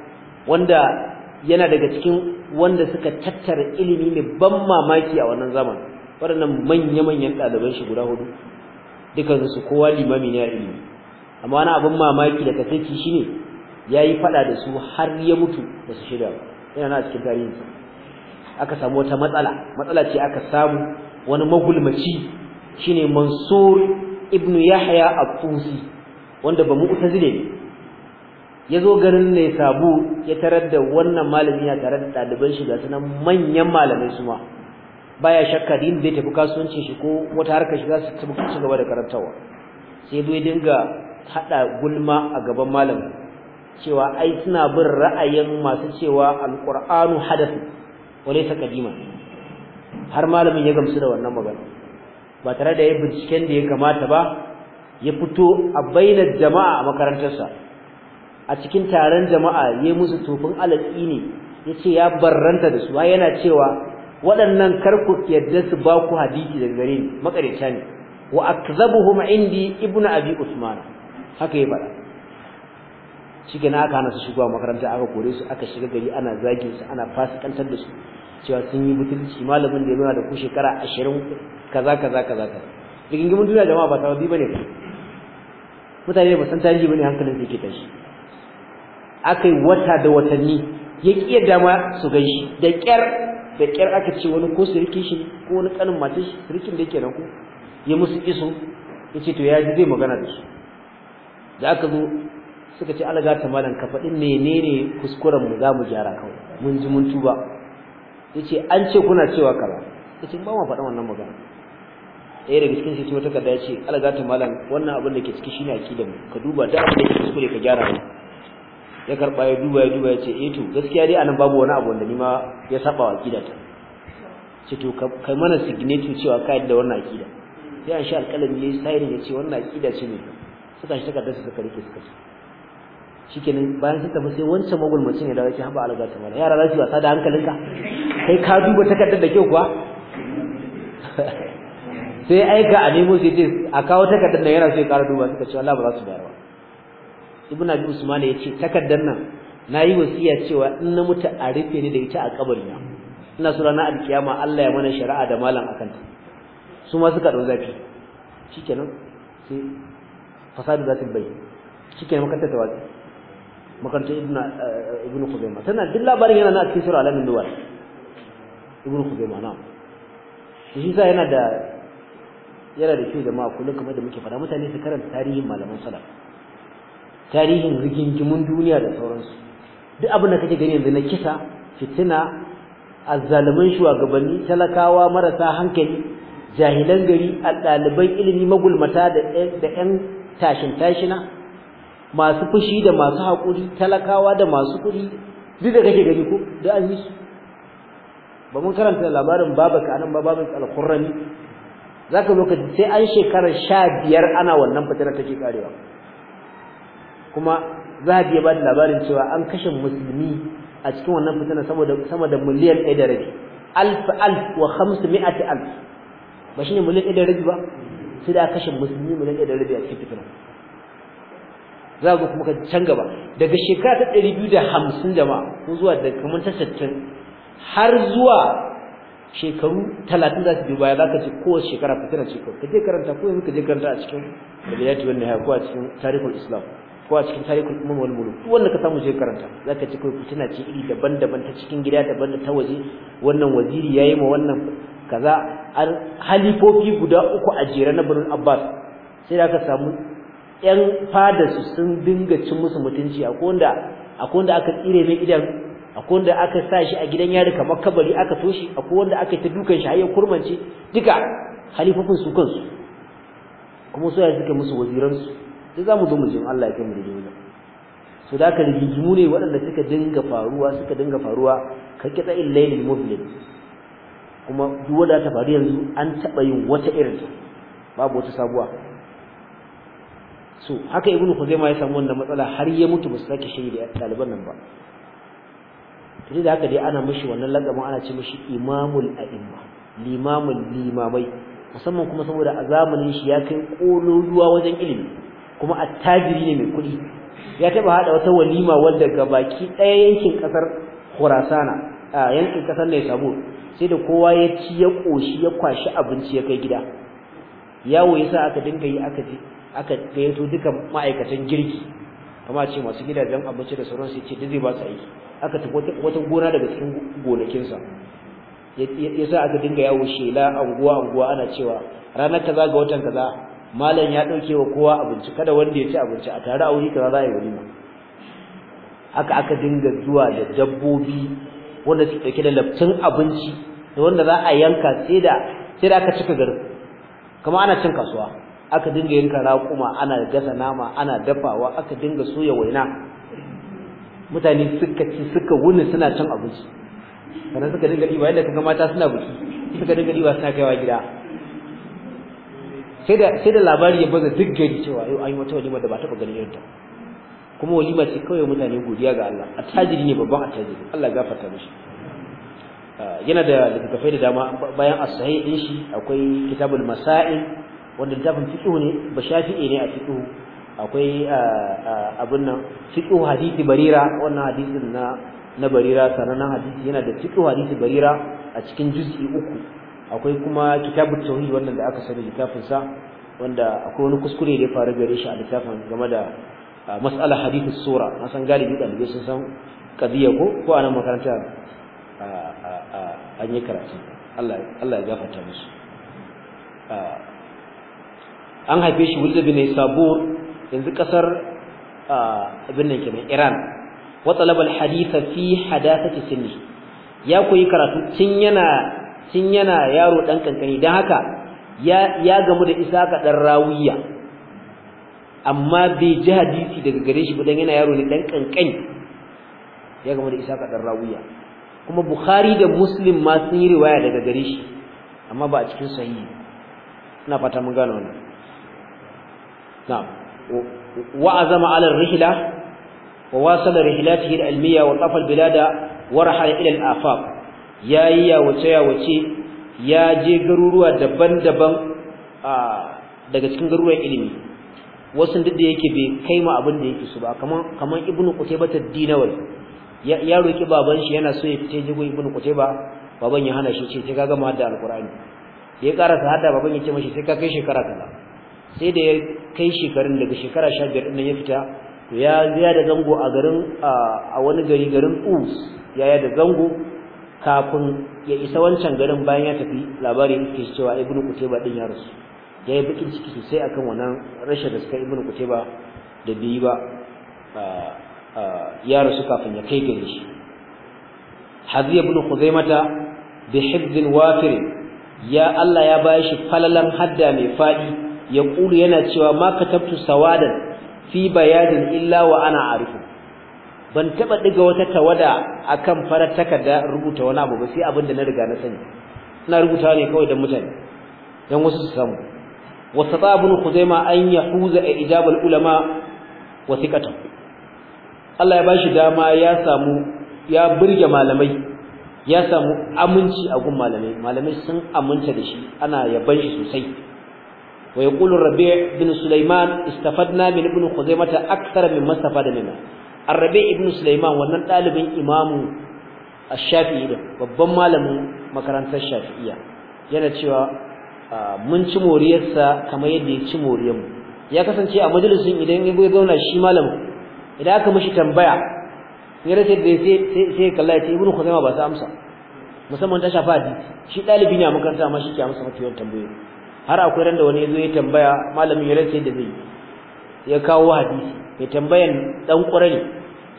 wanda yana daga cikin wanda suka tattara ilimi ne ban mamaki a wannan zaman waɗannan manya-manyan ɗaliban shi guda hudu su, kowa limami ne a ilimi amma wani abin mamaki da kasance shi ne ya yi faɗa da su har ya mutu da su shida yana na cikin tarihinsa aka samu wata matsala matsala ce aka samu wani magulmaci shine mansur ibnu yahya a wanda ba mu ne ya zo garin ne sabu ya tarar da wannan malami ya tarar da ɗaliban shi ga sunan manyan malamai su ma baya shakka din zai tafi kasuwanci shi ko wata harka shi za su tafi ci gaba da karantawa sai zo dinga haɗa gulma a gaban malam cewa ai suna bin ra'ayin masu cewa alƙur'anu hadath walaysa qadima har malamin ya gamsu da wannan magana ba tare da ya binciken da ya kamata ba ya fito a bainar jama'a a makarantarsa a cikin taron jama'a ya musu tofin alatsi ne yace ya barranta da su ba yana cewa waɗannan karku yadda su ba ku hadisi daga gare ni makareta ne wa akzabuhum indi ibnu abi usman haka ya bara Cike na aka hana su shigowa makaranta aka kore su aka shiga gari ana zagin su ana fasikantar da su cewa sun yi mutunci malamin da ya nuna da ku shekara 20 kaza kaza kaza kaza rigingimin duniya jama'a ba ne bane mutane ba san tarihi bane hankalin su yake tashi aka yi wata da watanni ya ƙiya dama su gaishe da ƙyar da ƙyar aka ce wani ko sirikin shi ko wani kanin mace shi sirikin da yake da ku ya musu iso ya ce to ya ji zai magana da su da aka zo suka ce alaga ta malam ka faɗi menene kuskuren mu za mu gyara kawai mun ji mun tuba ya ce an ce kuna cewa kaza ya ce ba ma faɗa wannan magana ɗaya daga cikin sai wata kada ya ce alaga ta malam wannan abin da ke ciki shine akidan mu ka duba da abin da ke kuskure ka gyara mu ya karba ya duba ya duba ya ce eh to gaskiya dai anan babu wani abu wanda ni ma ya saba wa akida ta ce to kai mana signature cewa ka yadda wannan akida sai an sha alƙalami yayi sayin ya ce wannan akida ce ne suka shi takardar suka rike suka ce shikenan bayan sun tafi sai wancan magulmacin ya dawo yake haba alga ta mala yara za su wasa da hankalinka kai ka duba takardar da kyau kuwa sai aika a nemo sai ce a kawo takardar da yana so ya ƙara duba suka ce wallahi ba za su bayar ba ibn abi usman ya ce takaddan nan nayi wasiya cewa in na mutu a rufe ni da ita a kabarina ina so ranar alkiyama Allah ya mana shari'a da malam akan ta su ma suka dau zafi shikenan sai fasadu zatul bayt shikenan ta wace makanta ibn eh, ibn khuzaimah tana duk labarin yana na cikin sura alamin duwa ibn khuzaimah na shi sa yana da yana da kyau jama'a kullum kamar da muke faɗa mutane su karanta tarihin malaman salaf tarihin rigingimun duniya da sauransu duk abin da kake gani yanzu na kisa fitina azzaluman shugabanni talakawa marasa hankali jahilan gari ɗaliban ilimi magulmata da 'yan tashin tashina masu fushi da masu haƙuri talakawa da masu kuɗi duk da kake gani ko da an yi su ba mun karanta labarin babaka anan ba babin alkurrani zaka zo ka sai an shekarar sha biyar ana wannan fitina take karewa kuma za a ba da labarin cewa an kashe musulmi a cikin wannan fitina sama da miliyan 1 da rabi alf alf wa 500 alf ba shine miliyan 1 da rabi ba sai da kashe musulmi miliyan 1 da rabi a cikin fitina za ku kuma can gaba daga shekara ta 250 jama'a ko zuwa da kamar ta 60 har zuwa shekaru 30 za su bi baya za ka ce kowace shekara fitina ce kawai ka je karanta ko yanzu ka je karanta a cikin da ya wani ya ko a cikin tarihul islam ko a cikin tarihul umam wal muluk duk wanda ka samu je karanta zaka ci kai tana ci iri daban-daban ta cikin gida daban da ta waje wannan waziri yayi ma wannan kaza an halifofi guda uku a jira na Banu Abbas sai da ka samu yan fada su sun dinga cin musu mutunci akwai wanda wanda aka tsire mai idan akwai wanda aka sa shi a gidan yari kamar kabari aka toshi akwai wanda aka ta dukan shi har kurmanci duka halifofin su kansu kuma su ya suka musu waziransu duk zamu zo mu jin Allah ya kai mu da wajen so da ka rigimu ne waɗanda suka dinga faruwa suka dinga faruwa ka kitsa illailil mublim kuma duk wanda ta faru yanzu an taba yin wata irin babu wata sabuwa so haka ibnu khuzaimah ya samu wannan matsala har ya mutu ba su sake shiri da daliban nan ba to da haka dai ana mishi wannan lakamin ana ce mishi imamul a'imma limamul limamai musamman kuma saboda a zamanin shi ya kai kololuwa wajen ilimi kuma attajiri ne mai kuɗi ya taba haɗa wata walima wadda ga baki ɗaya yankin kasar Khurasan a yankin kasar ne sabo sai da kowa ya ci ya koshi ya kwashi abinci ya kai gida yawo yasa sa aka dinga yi aka ji aka gayyato duka ma'aikatan girki kama ce masu gidajen abinci da sauran su ce duk ba su aiki aka tafi wata gona daga cikin gonakinsa ya sa aka dinga yawo shela anguwa anguwa ana cewa ranar kaza ga watan kaza malam ya dauke wa kowa abinci kada wanda ya ci abinci a tare a wuri kaza za a yi walima haka aka dinga zuwa da dabbobi wanda suke dauke da laftin abinci da wanda za a yanka sai da sai da aka cika garin kamar ana cin kasuwa aka dinga yanka raƙuma ana gasa nama ana dafawa aka dinga soya waina mutane suka ci suka wuni suna cin abinci sannan suka dinga ɗiba yadda kaga mata suna buki suka dinga ɗiba suna kaiwa gida sai da labari ya baza duk gari cewa yau an yi wata walima da ba taɓa ganin yadda kuma walima ce kawai mutane godiya ga Allah attajiri ne babban attajiri Allah ya gafarta mishi ah, yana da littafai da dama bayan as-sahih din shi akwai kitabul masail wanda littafin fiqh ne ba shafi'i ne a fiqh akwai ah, ah, abun nan fiqh hadisi barira wannan hadisin na na barira sananan hadisi yana da fiqh hadisi barira a cikin juz'i uku akwai kuma kitabut tauhid wannan da aka sani kitabun sa wanda akwai wani kuskure da ya faru gare shi a littafin game da mas'alar hadithu sura na san galibi da sun san qadiya ko ko a nan makaranta an yi karatu Allah Allah ya gafarta musu an haife shi Wulid bin Sabur yanzu kasar abin nan kenan Iran wa talaba al-haditha fi hadathati sinni ya koyi karatu tun yana tun yana yaro dan kankani dan haka ya ya gamu da isaka dan rawiya amma bai ji hadisi daga gare shi ba dan yana yaro ne dan kankani ya gamu da isaka dan rawiya kuma bukhari da muslim ma sun yi riwaya daga gare shi amma ba a cikin sahihi ina fata mun gano ne Na, wa azama ala rihla wa wasala rihlatihi al-ilmiya wa tafa al-bilada wa rahala ila al-afaq ya yi yawace-yawace ya je garuruwa daban-daban daga cikin garuruwan ilimi wasu duk da yake bai kai ma abin da yake su ba kamar kaman ibnu qutayba ad-dinawai ya roki baban shi yana so ya fita jigo ibnu qutayba baban ya hana shi ce ka kaga ma da alqur'ani ya sa hada baban ya ce mashi sai ka kai shekara kaza sai da ya kai shekarun daga shekara 15 din nan ya fita to ya ya da zango a garin a wani gari garin Us ya ya da zango kafin ya isa wancan garin bayan ya tafi labari yake cewa ibnu kutaiba din ya rasu yayi bakin ciki sosai akan wannan rashin da suka ibnu kutaiba da biyi ba ya rasu kafin ya kai gari shi hadiya ibnu khuzaimata bi hibdin wafir ya Allah ya shi falalan hadda mai fadi ya kulu yana cewa ma katabtu sawadan fi bayadin illa wa ana arifu ban taba diga wata tawada akan farar takarda rubuta wani abu ba sai abin da na riga na sani ina rubuta ne kawai dan mutane dan wasu su samu wasata ibn khuzaima an yahuza ijab al ulama wa thiqata Allah ya bashi dama ya samu ya burge malamai ya samu aminci a gun malamai malamai sun aminta da shi ana yaban shi sosai wa yaqulu rabi' bin sulaiman istafadna min ibn khuzaimah akthar mimma istafada minna Arrabe ibn Sulaiman wannan ɗalibin imamu Ash-Shafi'i din babban malamin makarantar Shafi'iyya yana cewa mun ci moriyarsa kamar yadda ya ci moriyar mu ya kasance a majalisin idan ya zauna shi malamin idan aka mishi tambaya ya race da sai sai kalla ya ce ibn Khuzaimah ba sa amsa musamman ta shafa hadisi shi ɗalibi ne a makaranta amma shi ke amsa mafi yawan tambayoyi har akwai ran da wani ya zo ya tambaya malamin ya race da zai ya kawo hadisi mai tambayan dan ya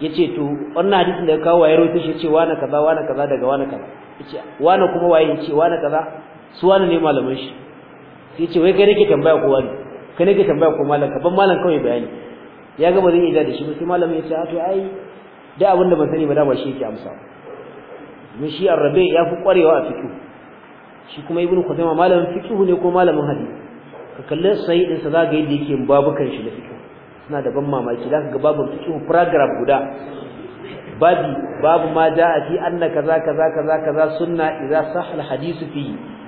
yace to wannan hadisin da ya kawo ya rawaito shi yace wani kaza wani kaza daga wani kaza yace wani kuma waye yace wani kaza su wani ne malaman shi sai yace wai kai nake tambaya ko wani kai nake tambaya ko malam ka ban malam kawai bayani ya ga ba iya da shi ba sai malam yace a to ai da abin da ban sani ba da ba shi yake amsa mun shi arrabe ya fi kwarewa a fiqh shi kuma ibnu kutayma malamin fiqh ne ko malamin hadisi ka kalle sayyidin sa zaga yadda yake babukan shi da fiqh suna da ban mamaki ka ga babu cikin program guda babi babu ma a fi anna kaza kaza kaza kaza sunna idza sah al hadith fi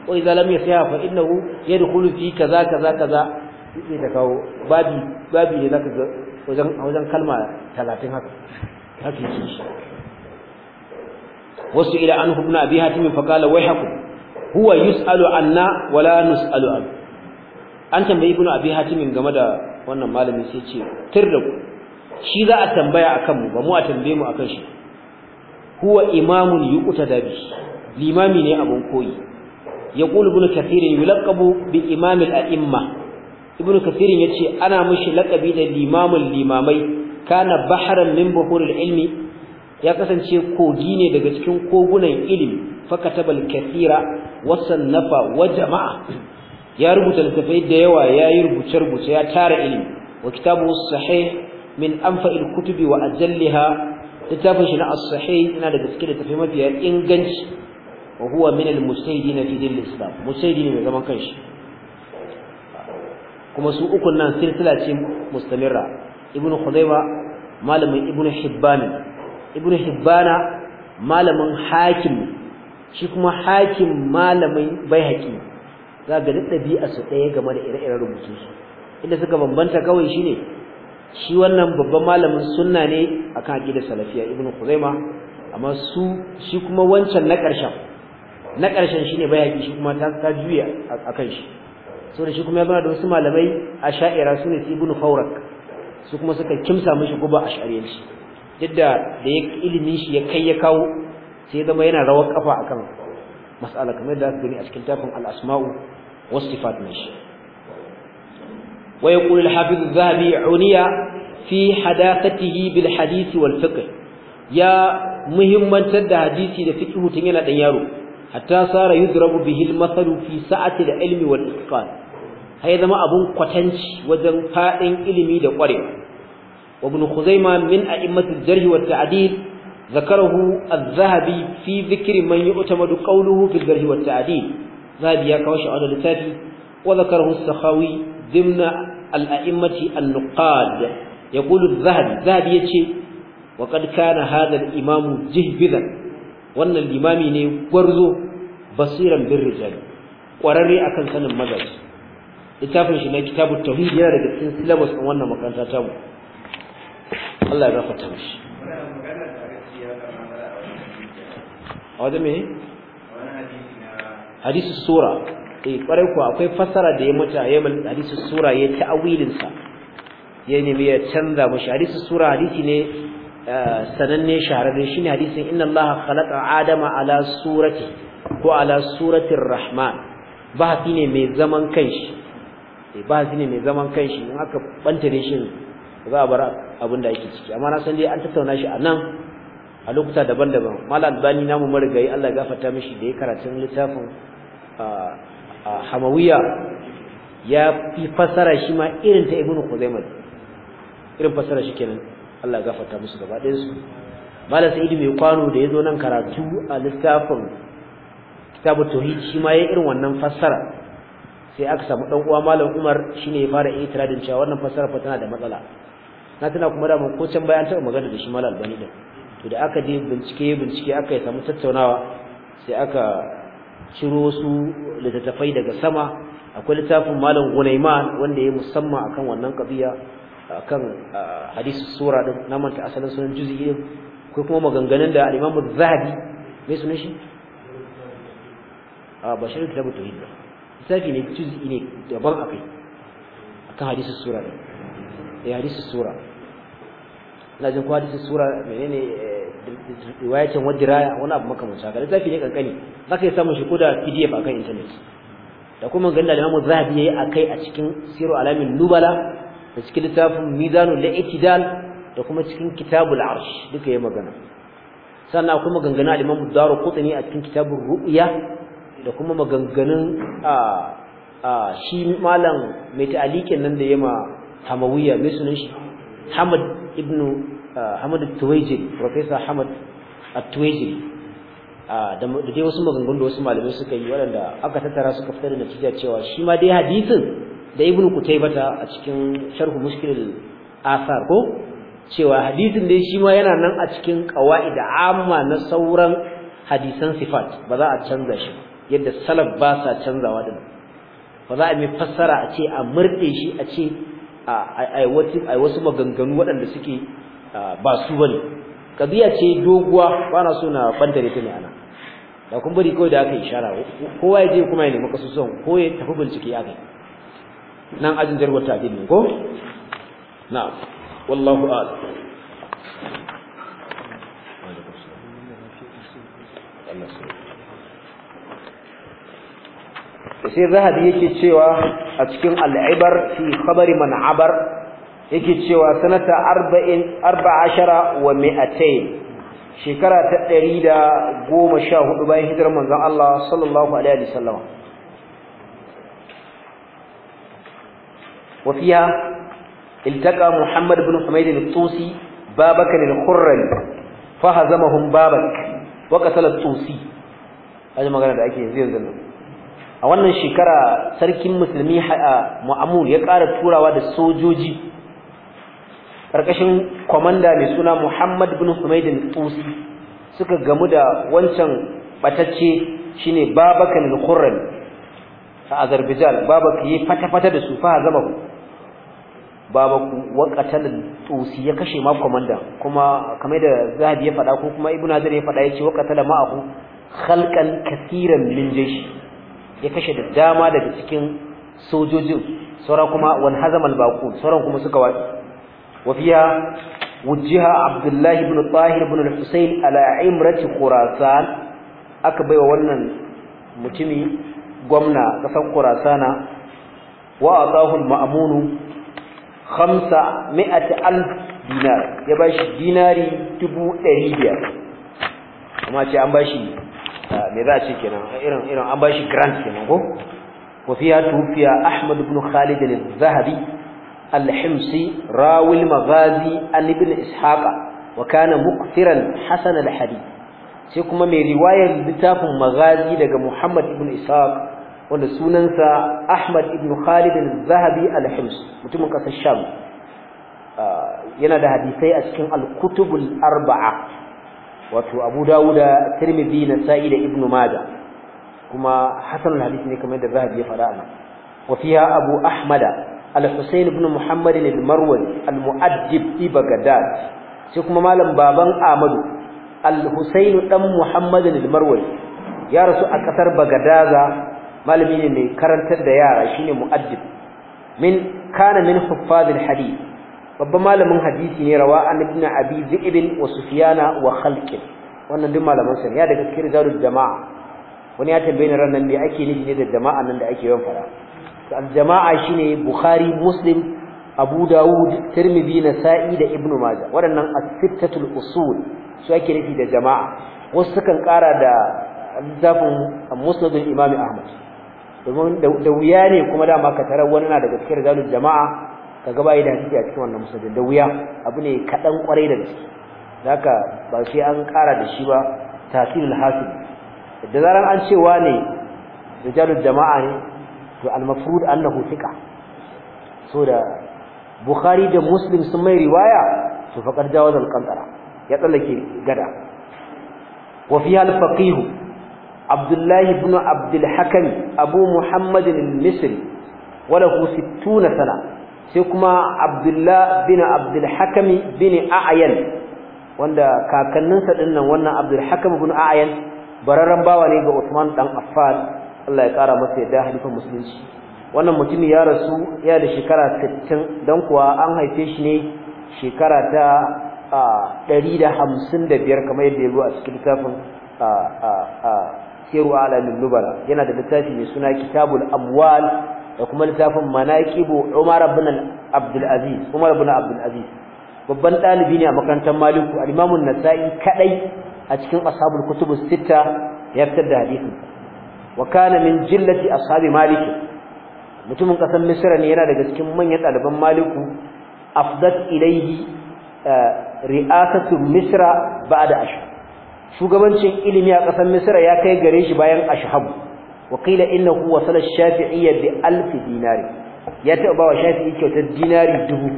wa idza lam yasah fa innahu yadkhulu fi kaza kaza kaza sai da kawo babi babi ne zaka ga wajen wajen kalma 30 haka haka yake shi wasu ila an hubna biha tumi fa qala wayhakum huwa yus'alu anna wala nus'alu an an tambayi ibn abi hatim game da wannan malamin sai ce tir da ku shi za a tambaya akan mu ba mu a tambaye mu akan shi huwa imamun yuqtada bi limami ne abun koyi yaqul ibn kathir yulaqabu bi imam al-a'imma ibn kathir yace ana mushi laqabi da limamul limamai kana bahran min buhuril ilmi ya kasance kogi ne daga cikin kogunan ilimi fakatabal kathira wasannafa wa jama'a ya rubuta littafai da yawa ya yi rubuce-rubuce ya tara ilimi wa kitabu sahih min anfa'il kutubi wa ajalliha littafin shi na as-sahih yana daga cikin littafai mafiya inganci wa huwa min al-mustahidin fi din islam mustahidin mai zaman kanshi kuma su ukun nan silsila ce mustamirra ibnu khudayba malamin ibnu hibban ibnu hibbana malamin hakim shi kuma hakim malamin baihaqi za ga duk su ɗaya game da ire-iren rubutu su inda suka bambanta kawai shine shi wannan babban malamin sunna ne akan aqidar salafiya ibnu khuzaima amma su shi kuma wancan na ƙarshen na ƙarshen shine bayaki shi kuma ta ta juya akan shi da shi kuma ya zama da wasu malamai asha'ira ne ibnu fawrak su kuma suka kimsa mishi guba ash'ariyanci duk da da ilimin shi ya kai ya kawo sai zama yana rawar kafa akan mas'ala kamar da aka gani a cikin tafin al-asma'u والصفات ماشي ويقول الحافظ الذهبي عني في حداثته بالحديث والفقه يا مهمن تد حديثي da fiqhu tun yana dan yaro hatta sara yudrabu bihi al-mathalu fi sa'ati al-ilmi wal-itqan hay zama abun kwatanci wajen fadin ilimi da kwarewa ibn min a'immati al-jarh wa al-ta'dil ذكره الذهبي في ذكر من يؤتمد قوله في الجرح والتعديل zabi ya kawo shi a littafi wa zakarahu sakhawi dimna al-a'immati an-nuqad yaqulu zahabi zabi yace wa qad na hadar al jihbidan wannan limami ne gwarzo basiran bir rijal kwararre akan sanin mazaji littafin shi na kitabu tauhid yana daga cikin syllabus din wannan makaranta ta mu Allah ya gafarta mishi a wajen hadisi sura eh kwarai ku akwai fassara da ya mata ya mal hadisu sura ya ta'wilin sa ya ne mai canza mashi hadisu sura hadisi ne eh, sananne shahararren shine hadisin inna allaha khalaqa adama ala surati ko ala suratir rahman bahasi ne mai zaman kanshi eh, shi ne mai zaman kanshi in aka bantare shi za a bar abin da ake ciki amma na san dai an tattauna shi anan. a lokuta daban-daban malam albani namu marigayi Allah gafarta mishi da ya karatun littafin hamawiya ya fi fasara shi ma irin ta ibnu khuzaimah irin fasara shi kenan Allah gafarta musu gaba ɗayan su malam sa'idu mai kwano da ya zo nan karatu a littafin kitabu tauhid shi ma ya irin wannan fassara sai aka samu dan uwa malam Umar shine ya fara itiradin cewa wannan fassara fa tana da matsala na tana kuma da mun ko can bayan ta magana da shi malam Albani din to da aka je bincike bincike aka yi samu tattaunawa sai aka ciro wasu littattafai daga sama akwai littafin malam Gunaiman wanda ya musamman akan wannan kabiya akan hadisi sura din na manta asalin sunan juz'i ko kuma maganganun da al-Imam zahabi me sunan shi a bashir kitabu tauhid littafi ne juz'i ne daban akai akan hadisi sura din ya eh, hadisi sura ina jin kowa da sura menene eh, riwayatin wadiraya wani abu makamancin haka zafi ne kankani zaka yi samun shi ko da pdf akan internet da kuma ganin da Imam Zahabi yayi akai a cikin Siru Alamin Nubala da cikin littafin la I'tidal da kuma cikin Kitabul Arsh duka yayi magana sannan kuma gangana Imam Daruqutni a cikin Kitabul Ru'ya da kuma maganganun a a shi malam mai ta'alikin nan da yayi ma Hamawiyya mai sunan shi Hamad ibnu uh, hamad tuwaijiri professor hamad tuwaijiri uh, da dai wasu maganganu da wasu malamai suka yi waɗanda aka tattara suka fitar da natija cewa shi ma dai hadisin da ibnu kutaybata a cikin sharhu mushkilul asar ko cewa hadisin dai shi ma yana nan a cikin qawaid amma na sauran hadisan sifat ba za a canza shi yadda salaf ba sa canzawa din ba za a mai fassara a ce a murde shi a ce a wasu maganganu waɗanda suke ba su bane kadiya ce doguwa ba na so na bantare ta ne ana da kun bari kawai da aka ishara kowa ya je kuma ya nemi son ko ya tafi bincike aka nan ajin jarwar ta ne ko na wallahu a'lam Allah sai zahabi yake cewa a cikin al'ibar fi khabari man abar yake cewa sanata 40 14 wa 200 shekara ta ɗari da goma sha hudu bayan hijirar manzon Allah sallallahu alaihi wasallam wa fiha iltaqa Muhammad ibn Humayd al-Tusi Babakar al-Khurrani fa hazamahum Babak wa qatala al-Tusi aje magana da ake yanzu yanzu a wannan shekara sarkin musulmi a mu'amur ya ƙara turawa da sojoji ƙarƙashin kwamanda mai suna muhammad bin humaidin tusi suka gamu da wancan batacce shine babakan lukurren a azerbaijan babak yi fata-fata da su fa zama ku babaku wa tusi ya kashe ma kwamanda kuma kamar da zahabi ya faɗa ko kuma ibu nazir ya faɗa ya ce qatala ma'ahu khalqan kaseeran min jayshi ya kashe da dama daga cikin sojojin saura kuma wan hazamal baqun sauran kuma suka wadi Wafiya wujjiha abdullahi ibn tahir ibn al-husayn ala imrati khurasan aka baiwa wannan mutumi gwamna kasan khurasana wa atahu al-ma'mun 500000 dinar ya bashi dinari 500 amma ce an bashi Ah, me za a ce kenan irin irin an bashi grant kenan ko wa tufiya ahmad ibn khalid al-zahabi al-himsi rawi al-maghazi an ibn ishaqa wa kana mukthiran hasan al-hadith sai kuma mai riwayar littafin maghazi daga muhammad ibn ishaq wanda sunansa ahmad ibn khalid al-zahabi al-himsi mutumin kasar sham ah, yana da hadisai a cikin al-kutubul arba'a wato Abu Dawuda Tirmidhi Nasa'i da Ibn Majah kuma Hasan al-Hadith ne kamar da Zahabi ya faɗa ana wa fiha Abu Ahmad al-Husayn ibn Muhammad al-Marwazi al-Mu'addib fi Baghdad sai kuma malam baban Ahmad al-Husayn dan Muhammad al-Marwazi ya rasu a kasar Baghdadza malami ne mai karantar da yara shine mu'addib min kana min huffaz al-hadith babban malamin hadisi ne rawa an ibn abi zi'bin wa sufyana wa khalqin wannan duk malaman sa ya daga cikin rijalul jama'a wani ya tambaye ni nan me ake nufi ne da jama'a nan da ake yawan fara to al jama'a shine bukhari muslim abu dawud tirmidhi nasa'i da ibn majah waɗannan as-sittatul usul su ake nufi da jama'a wasu sukan ƙara da littafin musnadul imami ahmad domin da wuya ne kuma dama ka tarar wani na daga cikin rijalul jama'a kaga bai da shi a cikin wannan musulmi da wuya abu ne kadan kwarai da gaske zaka ba sai an kara da shi ba tasilul hasil da zaran an ce wane rijalul jama'a ne to al-mafrud annahu thiqa so da bukhari da muslim sun mai riwaya to faqad jawazal qantara ya tsallake gada wa fiha al-faqih abdullah ibn abd hakim abu muhammad al-misri wa lahu 60 sana sai kuma abdullah bin abdulhakami bin a'ayan wanda kakanninsa din wannan abdulhakami bin a'ayan bararren bawa ne ga Usman dan Affan Allah ya kara masa yadda halifan musulunci wannan mutumi ya rasu ya da shekara 60 dan kuwa an haife shi ne shekara ta 155 kamar yadda ya zo a cikin littafin siru alamin nubala yana da littafi mai suna kitabul amwal da kuma littafin manaqibu Umar ibn Abdul Aziz Umar ibn Abdul Aziz babban dalibi ne a makarantar Maliku al-Imam an-Nasa'i kadai a cikin ashabul kutub sita ya fitar da hadisin wa kana min jillati ashabi Malik mutumin kasan Misra ne yana daga cikin manyan daliban Maliku afdat ilayhi eh, ri'asatu Misra ba'da ashhab shugabancin ilimi a kasan Misra ya kai gare shi bayan ashhab وقيل إنه وصل الشافعية بألف دينار يتأبى وشافعي كوتر دينار الدبو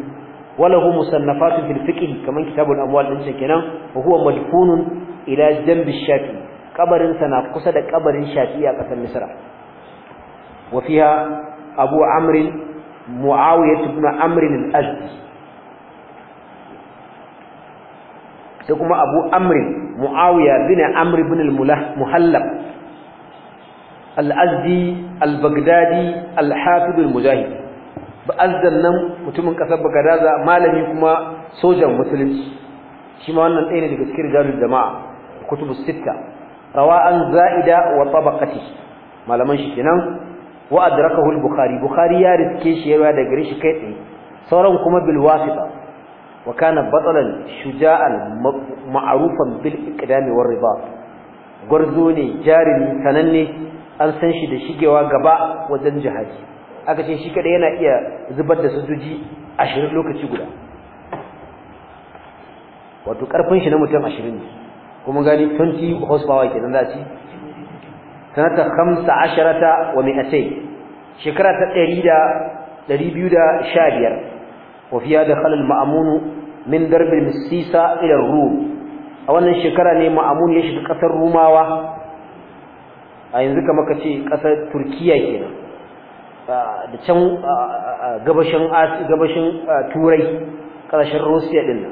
وله مصنفات في الفقه كمان كتاب الأموال إنسا كنا وهو مدفون إلى جنب الشافعي قبر سنة قصد قبر شافعي قتل مصر وفيها أبو عمرو معاوية بن عمرو الأزدي sai kuma Abu Amr Muawiya bin Amr ibn al-Muhallab al al bagdadi al-hafid mujahid nan mutumin ƙasar bagadaza malami kuma sojan musulunci shi ma wannan ɗaya ne daga cikin rijalul jama'a kutubu rawa rawa'an za'ida wa tabaqati malaman shi kenan wa adrakahu hul bukhari bukhari ya riske shi yawa daga shi kai tsaye sauran kuma bil wasita wa kana batalan shuja'an ma'rufan bil iqdami war ribat gwarzo ne jarin sananne an san shi da shigewa gaba wajen jihadi aka ce shi kada yana iya zubar da sujuji ashirin lokaci guda wato karfin shi na mutum ashirin ne kuma gani 20 horsepower kenan nan a ci sanata 15 wa mi'atay shekara ta 100 da 215 wa fiya dakhala al-ma'mun min darb al-sisa ila ar-rum a wannan shekara ne ma'mun ya shiga kasar rumawa a yanzu kamar ka ce ƙasar turkiya kenan da can gabashin turai ƙasashen rusiya ɗin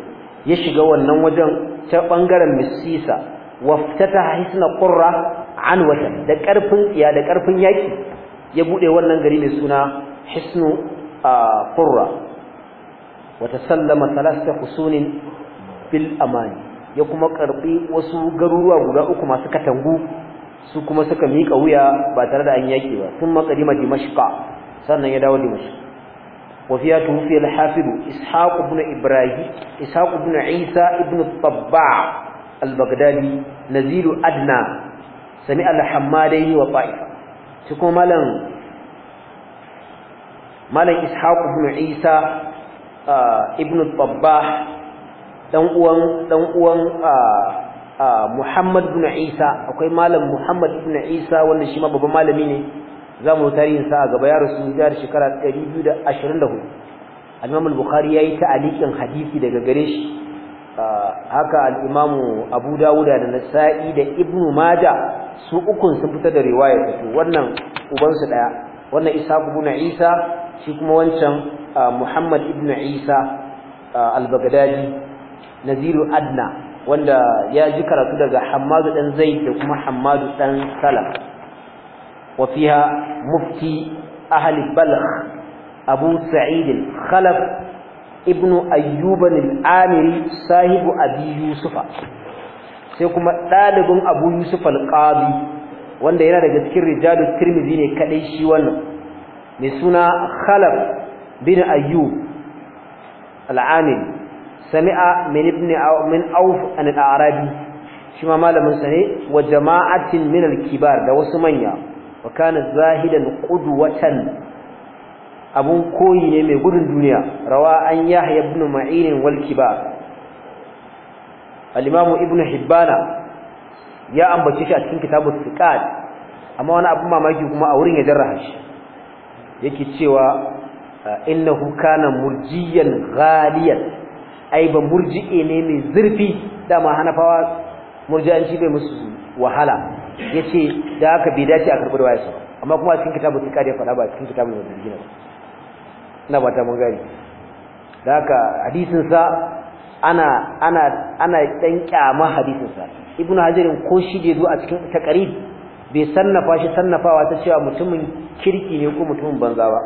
ya shiga wannan wajen ta ɓangaren misisa waftata hisna ƙurra, an watan da ƙarfin tsiya da ƙarfin yaƙi ya buɗe wannan gari mai suna hisnu ƙurra, wata sallama talasta husunin bil amani ya kuma karɓi wasu garuruwa guda uku masu katangu su kuma suka miƙa wuya ba tare da an yaƙi ba sun maƙadima dimashqa sannan ya dawo dimashq wafiya fiya tufi al-hafid ishaq ibn ibrahim ishaq ibn isa ibn tabba al-baghdadi nazilu adna sami al-hammadaini wa ta'ifa shi kuma malam malam ishaq ibn isa ah, ibn tabba dan uwan dan uwan ah, Muhammad ibn Isa akwai malam Muhammad ibn Isa wanda shi ma babban malami ne zamu tarihin sa a gaba ya rasu jihar shekara 224 Al-Imam al-Bukhari yayi ta'liqin hadisi daga gare shi haka al-Imam Abu Dawud da Nasa'i da Ibn Majah su ukun sun fitar da riwayar su wannan uban su daya wannan Isa ibn Isa shi kuma wancan Muhammad ibn Isa al-Baghdadi Naziru Adna wanda ya ji karatu daga Hammadu dan Zaid da kuma Hammadu dan Salam wa fiha mufti ahli Balkh Abu Sa'id al-Khalaf ibn Ayyub al-Amiri sahibu Abi Yusufa sai kuma dalibin Abu Yusuf al-Qadi wanda yana daga cikin rijalul Tirmidhi ne kadai shi wannan mai suna Khalaf bin Ayyub al-Amiri sami'a min ibn min auf an al-arabi shi malamin sa ne wa jama'atin min al-kibar da wasu manya wa kana zahidan qudwatan abun koyi ne mai gudun duniya rawa an yahya ibn ma'in wal kibar al-imam ibn hibbana ya ambaci shi a cikin kitabut thiqat amma wani abun mamaki kuma a wurin ya jarraha shi yake cewa innahu kana murjiyan ghaliyan ai ba murji'e ne mai zurfi dama hanafawa murji'anci bai musu wahala yace da haka bai dace a karbi riwayar su amma kuma cikin kitabu sun kare fada ba cikin kitabu da jirgin ina ba ta mun gari da haka hadisin sa ana ana ana dan kyama hadisin sa ibnu hajarin ko shi da zuwa a cikin taqrib bai sannafa shi sannafawa ta cewa mutumin kirki ne ko mutumin banza ba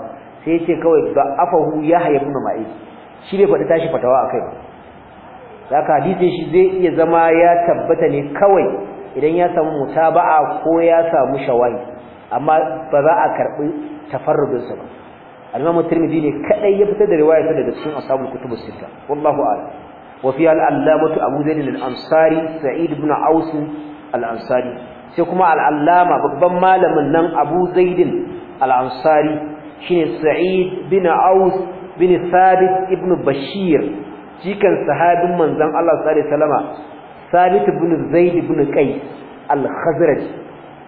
sai yace kawai ba afahu ya ibn ma'i shi bai faɗi tashi fatawa akai ba haka hadisin shi zai iya zama ya tabbata ne kawai idan ya samu mutaba'a ko ya samu shawahi amma ba za a karbi tafarrudin ba al-Imam Tirmidhi ne kadai ya fitar da riwayar sa daga cikin ashabul kutubus sita wallahu a'lam wa fi al-allamatu Abu Zaid al-Ansari Sa'id ibn Aus al-Ansari sai kuma al-allama babban malamin nan Abu Zaid al-Ansari shine Sa'id bin Aus bin Thabit ibn Bashir jikan sahabin manzon Allah sallallahu alaihi wasallama Thabit ibn Zaid ibn Qais al-Khazraj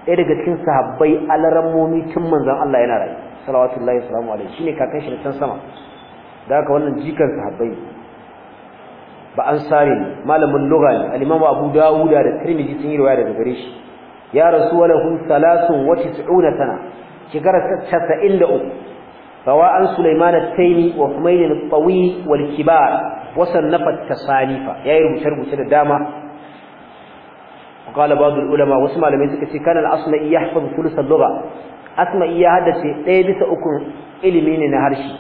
ɗaya daga cikin sahabbai alarammomi tun manzon Allah yana rayu salawatullahi salamu alaihi shine kakan shi can sama da haka wannan jikan sahabbai ba an sare malamin lugha ne al-Imam Abu Dawud da Tirmidhi sun yi riwaya daga gare shi ya rasu wala hun salasun wa tis'una sana shekara 93 روى عن سليمان التيمي وحميد الطوي والكبار وصنف التصانيف يا رب شرب سنة داما وقال بعض العلماء واسمع لم يسكت كان الأصمعي يحفظ ثلث اللغة أصمعي هدت ليبس أكون إلمين نهرشي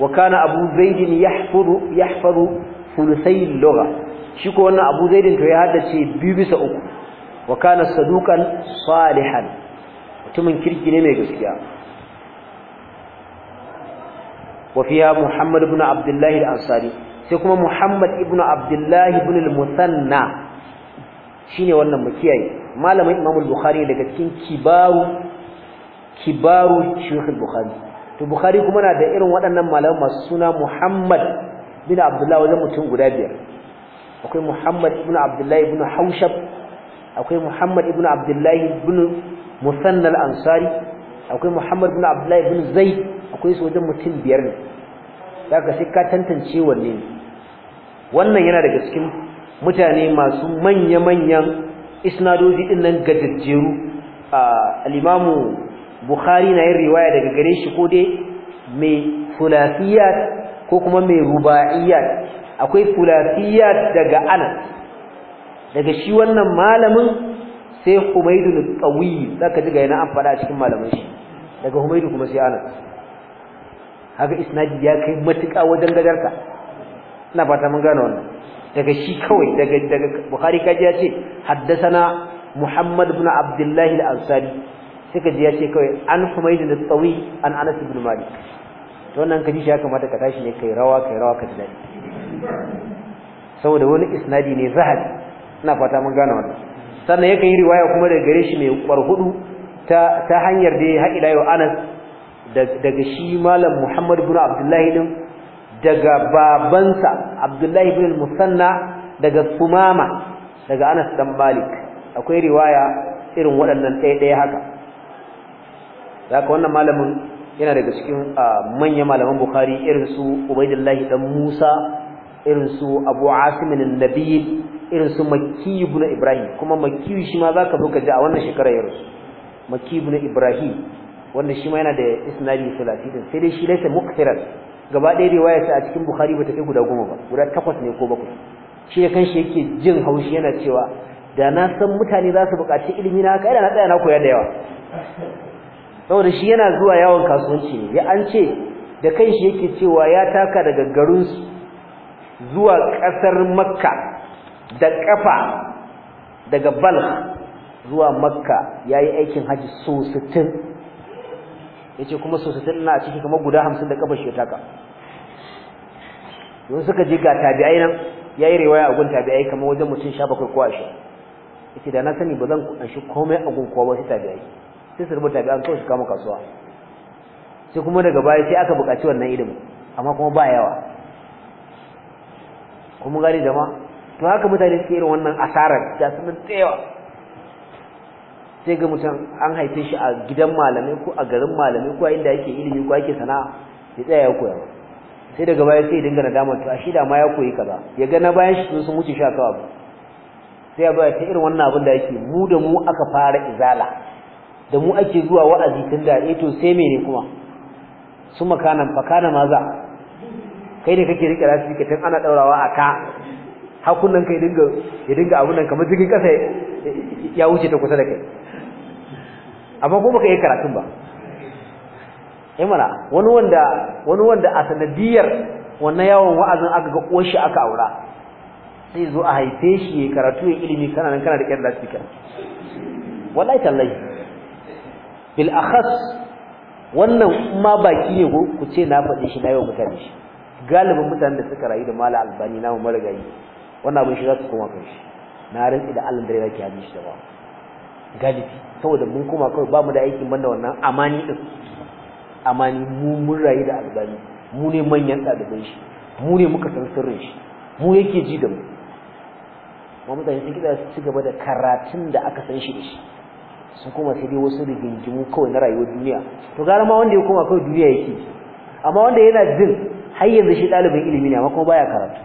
وكان أبو زيد يحفظ يحفظ ثلثي اللغة شكو أن أبو زيد هدت بيبس أكون وكان صدوقا صالحا وتمن كريكي نمي قسيا wa fiha Muhammad ibn Abdullah ansari sai kuma Muhammad ibn Abdullah ibn al shine wannan makiyayi malamin Imam al-Bukhari daga cikin kibaru kibaru Sheikh bukhari to Bukhari kuma na da irin waɗannan malaman masu suna Muhammad bin Abdullah wajen mutum guda biyar akwai Muhammad ibn Abdullah ibn Haushab akwai Muhammad ibn Abdullah ibn Musanna ansari akwai Muhammad ibn Zaid akwai su wajen mutum biyar ne zaka sai ka tantance wanne ne. wannan yana daga cikin mutane masu manya-manyan isnadoji din nan gajajjeru a alimamu bukhari na yin riwaya daga gare shi ko dai mai fulafiyat ko kuma mai ruba'iyat akwai fulafiyat daga anas daga shi wannan malamin sai humaydun za ka ji ga yana an a cikin malamin shi daga Humaidu kuma sai anas haka isnadi ya kai matuƙa wajen gadarta ina fata mun gane wannan daga shi kawai daga daga bukhari kaji ya ce haddathana muhammad ibn abdullah al-ansari suka ji ya ce kawai an humayd al-tawi an anas ibn malik to wannan kaji shi ya kamata ka tashi ne kai rawa kai rawa ka tada saboda wani isnadi ne zahad ina fata mun gane wannan sannan yake yi riwaya kuma daga gare shi mai kwarhudu ta ta hanyar da ya haƙi da yau anas daga shi malam Muhammad ibn Abdulahi din daga babansa Abdullahi ibn Musanna daga Sumama daga Anas dan Malik akwai riwaya irin waɗannan ɗaya ɗaya haka haka wannan malamin yana daga cikin manyan malaman Bukhari irin su Ubaidullahi dan Musa irin su Abu Asim an-Nabi irin su Makki ibn Ibrahim kuma Makki shi ma zaka zo ka ji a wannan shekarar yarsu Makki ibn Ibrahim wanda shi ma yana da isnadi din sai dai shi laysa mukthiran gaba ɗaya ta a cikin bukhari bata kai guda goma ba guda takwas ne ko bakwai shi ya kanshi yake jin haushi yana cewa da na san mutane za su buƙaci ilimi na haka da na tsaya na koya da yawa saboda shi yana zuwa yawon kasuwanci ne ya an ce da kanshi yake cewa ya taka daga su zuwa ƙasar makka da ƙafa daga balha zuwa makka ya yi aikin hajji so yace kuma sosatin na a ciki kamar guda hamsin da kafa shi taka don suka je ga tabi'ai nan yayi riwaya a gun tabi'ai kamar wajen mutum 17 ko 20 yace da na sani ba zan kunshi komai a gun kowa ba sai tabi'ai sai su rubuta tabi'an kawai su kama kasuwa sai kuma daga baya sai aka buƙaci wannan ilimin amma kuma ba yawa kuma gani jama'a to haka mutane suke irin wannan asarar da sun tsayawa sai ga mutum an haife shi a gidan malamai ko a garin malamai ko a inda yake ilimi ko yake sana'a ya tsaya ya koya sai daga baya sai dinga nadama to a shi da ma ya koyi kaza ya ga na bayan shi sun wuce shi aka abu sai ya ba ta irin wannan abin da yake mu da mu aka fara izala da mu ake zuwa wa'azi tun da eh to sai mene kuma su makanan fakana maza kai ne kake rike rafi kake tun ana daurawa a ka hakunan kai dinga ya dinga abun nan kamar jirgin kasa ya wuce ta kusa da kai amma ko baka yi karatun ba eh mana wani wanda wani wanda a sanadiyar wannan yawon wa'azin aka ga uwar shi aka aura sai zo a haife shi ya karatu ya ilimi kana nan kana da kyar lasfika wallahi tallahi bil akhas wannan ma baki ne ko ku ce na faɗi shi na yau mutane shi galibin mutanen da suka rayu da mala albani na mu marigayi wannan abin shi za su koma kan shi na rantsi da Allah da ya hadisi da ba galibi saboda mun koma kawai ba da aikin banda wannan amani din amani mu mun rayu da albani mu ne manyan ɗaliban shi mu ne muka san sirrin shi mu yake ji da mu ma mutane sun kiɗa su ci gaba da karatun da aka san shi da shi sun koma sai dai wasu rigingimu kawai na rayuwar duniya to gara ma wanda ya koma kawai duniya yake amma wanda yana jin har yanzu shi ɗalibin ilimi ne amma kuma baya karatu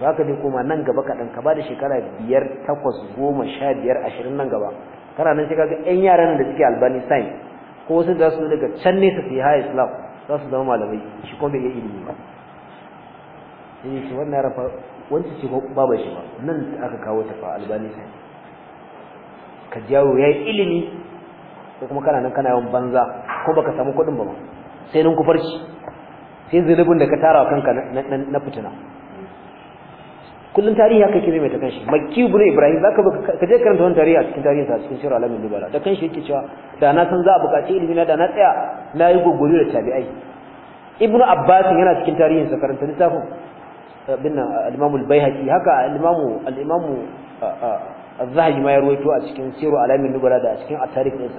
za ka dai koma nan gaba kaɗan ka ba da shekara biyar takwas goma sha biyar ashirin nan gaba kana nan sai ka ga 'yan nan da suke albani sign ko wasu za su daga can nesa su fiye haya islam za su zama malamai shi kuma bai yi ilimi ba sai shi wannan ya rafa wancan ce ba ba shi ba nan aka kawo ta fa albani sign ka jawo ya yi ilimi ko kuma kana nan kana yawan banza ko baka samu kuɗin ba sai nan kufarci sai zunubin da ka tara kanka na fitina kullum tarihi haka yake mai ta kanshi makki ibn ibrahim zaka ka je karanta wannan tarihi a cikin tarihin sa cikin sirr alamin dubara da kanshi yake cewa da na san za a buƙaci ilimi na da na tsaya na yi gogori da tabi'ai ibn abbas yana cikin tarihin sa karanta littafin eh, bin al-imam al-baihaqi haka al-imam al-imam eh, eh, az-zahabi ma ya ruwaito a cikin sirr alamin dubara da a cikin at-tarikh din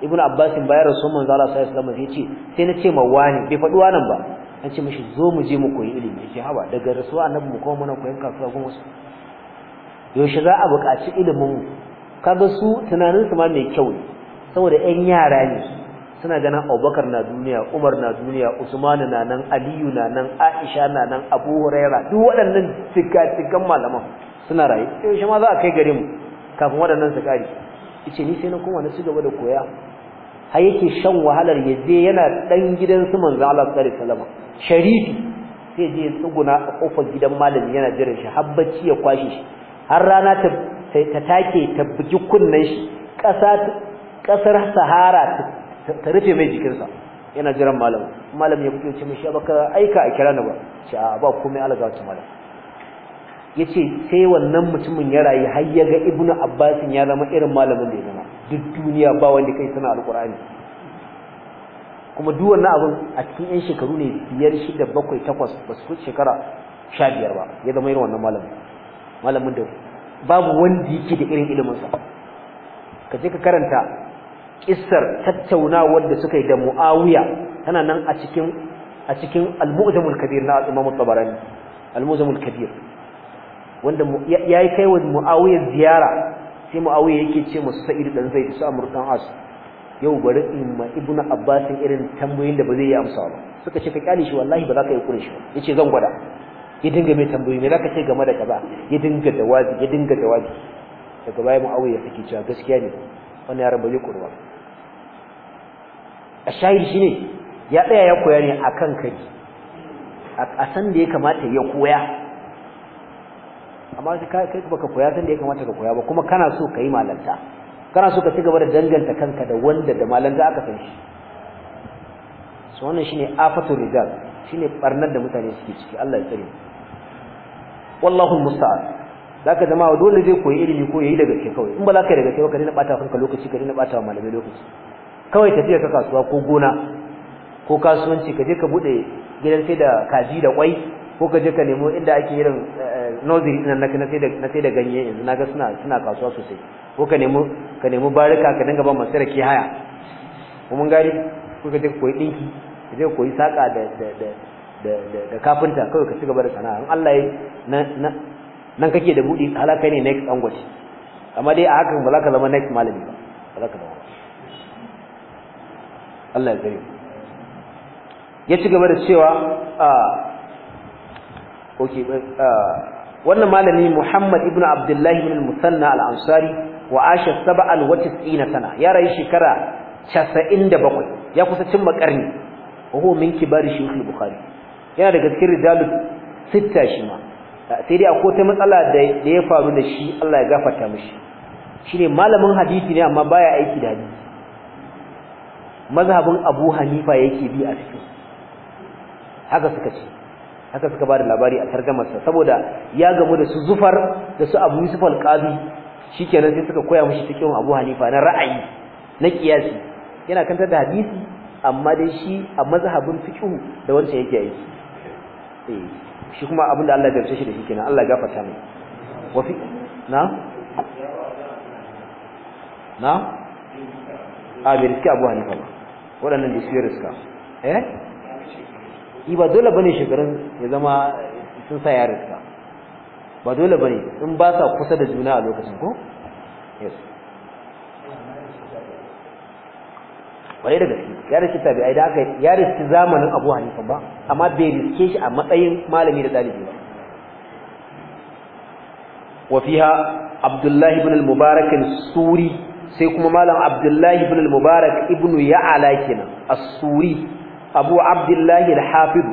ibn abbas bayar rasul manzo Allah sallallahu alaihi wasallam sai ce sai na ce ma wani bai faɗi nan ba an ce mashi zo mu je mu koyi ilimi yake hawa daga rasuwa annabi mu kuma muna koyon kasuwa gun wasu yaushe za a buƙaci ilimin mu kaga su tunanin su ma mai kyau ne saboda ƴan yara ne suna ganin Abubakar na duniya Umar na duniya Usman na nan Aliyu na nan Aisha na nan Abu Huraira duk waɗannan tikatikan malaman suna raye yaushe ma za a kai gare mu kafin waɗannan su kare ice ni sai na koma na cigaba da koya har yake shan wahalar yadda yana ɗan gidan su manzo Allah sallallahu sharifi sai je tsuguna a kofar gidan malami yana jiran shi har bacci ya kwashe shi har rana ta ta take ta bugi kunnen shi ƙasa ƙasar sahara ta rufe mai jikinsa yana jiran malam malam ya fito ce mishi baka aika a kira na ba ce a ba komai alaga wata malam yace sai wannan mutumin ya rayu har ya ga ibnu abbasin ya zama irin malamin da ya zama duk duniya ba wanda kai suna Alƙur'ani. kuma duk wannan abin a cikin yan shekaru ne biyar shida bakwai takwas ba su shekara sha biyar ba ya zama irin wannan malamin malamin da babu wanda yake da irin iliminsa ka je ka karanta kissar tattaunawar da suka yi da muawiya tana nan a cikin a cikin al-mu'jamul kabir na imam tabarani al-mu'jamul kabir wanda yayi kai wa muawiya ziyara sai muawiya yake ce musu sa'id dan zaid su amr dan as yau bari in ma ibnu abbas irin tambayoyin da ba zai yi amsa ba suka ce ka kyale shi wallahi ba za ka yi kure shi yace zan gwada ya dinga mai tambayoyi me ka ce game da kaza ya dinga wazi ya dinga wazi daga baya muawiya take cewa gaskiya ne wannan yaron ba zai kurwa a shahid ne ya tsaya ya koya ne akan kai a san da ya kamata ya koya amma kai baka koya san da ya kamata ka koya ba kuma kana so ka yi malanta kana so ka ci gaba da danganta kanka da wanda da malan da aka san shi so wannan shine afatul rijal shine barnar da mutane suke ciki Allah ya tsare wallahu musta'an zaka jama'a dole zai koyi ilimi ko yayi daga kai kawai in ba za ka yi daga kai ka dina bata kanka lokaci ka dina bata malamai lokaci kawai tafiya ka kasuwa ko gona ko kasuwanci ka je ka bude gidan sai da kaji da kwai ko ka je ka nemo inda ake irin eh, eh, nozi na sai da ganye yanzu naga suna suna kasuwa sosai ko ka nemi ka nemi barika ka dinga ba masu rake haya kuma gari ko ka je koyi dinki ka je koyi saka da da da da kafinta kawai ka ci gaba da sana'a in Allah ya nan kake da budi halaka ne next angwaci amma dai a hakan ba za ka zama next malami ba ba za ka zama Allah ya tsare ya ci gaba da cewa a okay wannan malami Muhammad ibn Abdullah ibn al-Musanna al-Ansari wa asha sab'al wa tis'ina sana ya rayu shekara 97 ya kusa cimma karni wa ki min kibari shuyukh bukhari yana daga cikin rijalu sitta shi ma sai dai akwai ta matsala da ya faru da shi Allah ya gafarta mishi shine malamin hadisi ne amma baya aiki da hadisi mazhabin Abu Hanifa yake bi a cikin haka suka ce haka suka ba da labari a sa, saboda ya gamu da su zufar da su Abu Yusuf al-Qadi shikenan sai suka koya mishi cikin Abu Hanifa na ra'ayi na kiyasi yana kantar da hadisi amma dai shi a mazhabin fiqh da wancan yake yi eh shi kuma abinda Allah ya gamshe shi da shi kenan Allah ya gafarta mai wa fi na na a bai riski Abu Hanifa wadannan waɗannan da su riska eh Iba dole bane shekarun ya zama sun sa ya riska ba dole bane in ba sa kusa da juna a lokacin ko yes kwarai da gaske ya riski tabi ai da aka ya riski zamanin Abu Hanifa ba amma bai riske shi a matsayin malami da dalibi ba wa fiha Abdullah ibn al-Mubarak al-Suri sai kuma malam Abdullah ibn al-Mubarak ibn Ya'la kenan as-Suri Abu Abdullah al-Hafiz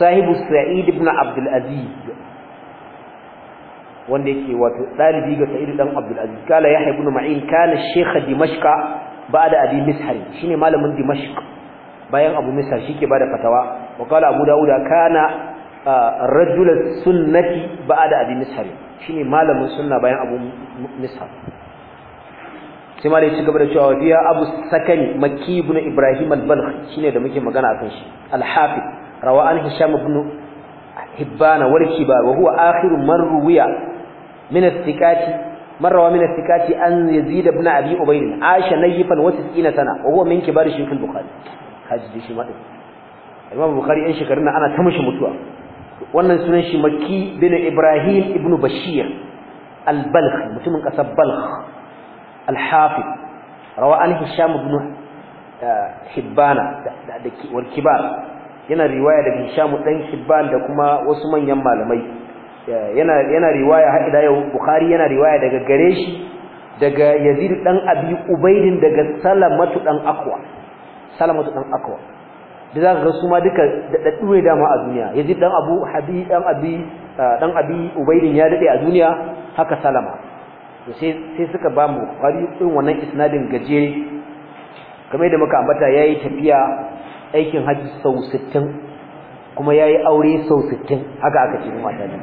sahibu Sa'id ibn Abdul Aziz wanda yake wato dalibi ga Sa'id dan Abdul Aziz kala Yahya ibn Ma'in kana Sheikh Dimashq ba'da Abi mishari shine malamin Dimashq bayan Abu Mishar shike bada fatawa wa kala Abu Dawud kana rajul sunnati ba'da Abi mishari shine malamin sunna bayan Abu Mishar sai malai ci gaba da cewa fiya Abu Sakani Makki ibn Ibrahim al-Balkh shine da muke magana akan shi al-Hafiz rawa an Hisham ibn Hibbana warki ba wa huwa akhiru marwiya min as-sikati marwa min as-sikati an yazid ibn abi ubayd aisha nayfan wa 90 sana wa huwa min kibar shaykh al-bukhari haji shi ma imam bukhari an shekarun ana ta mishi mutuwa wannan sunan shi makki bin ibrahim ibn bashir al-balkh mutumin kasar balkh al-hafiz rawa an hisham ibn eh, hibbana da kibar yana riwaya daga Hisham dan Hibban da kuma wasu manyan malamai yana yana riwaya har ila yau Bukhari yana riwaya daga gare shi daga Yazid dan Abi Ubaidin daga Salamatu dan Aqwa Salamatu dan Aqwa da zaka ga su ma duka daddu dama a duniya Yazid dan Abu Habib dan Abi ah, dan Abi Ubaidin ya dade a duniya haka Salama sai sai suka ba mu Bukhari din wannan isnadin gajere kamar da muka ambata yayi tafiya aikin haji sau 60 kuma yayi aure sau 60 haka aka ce mata ne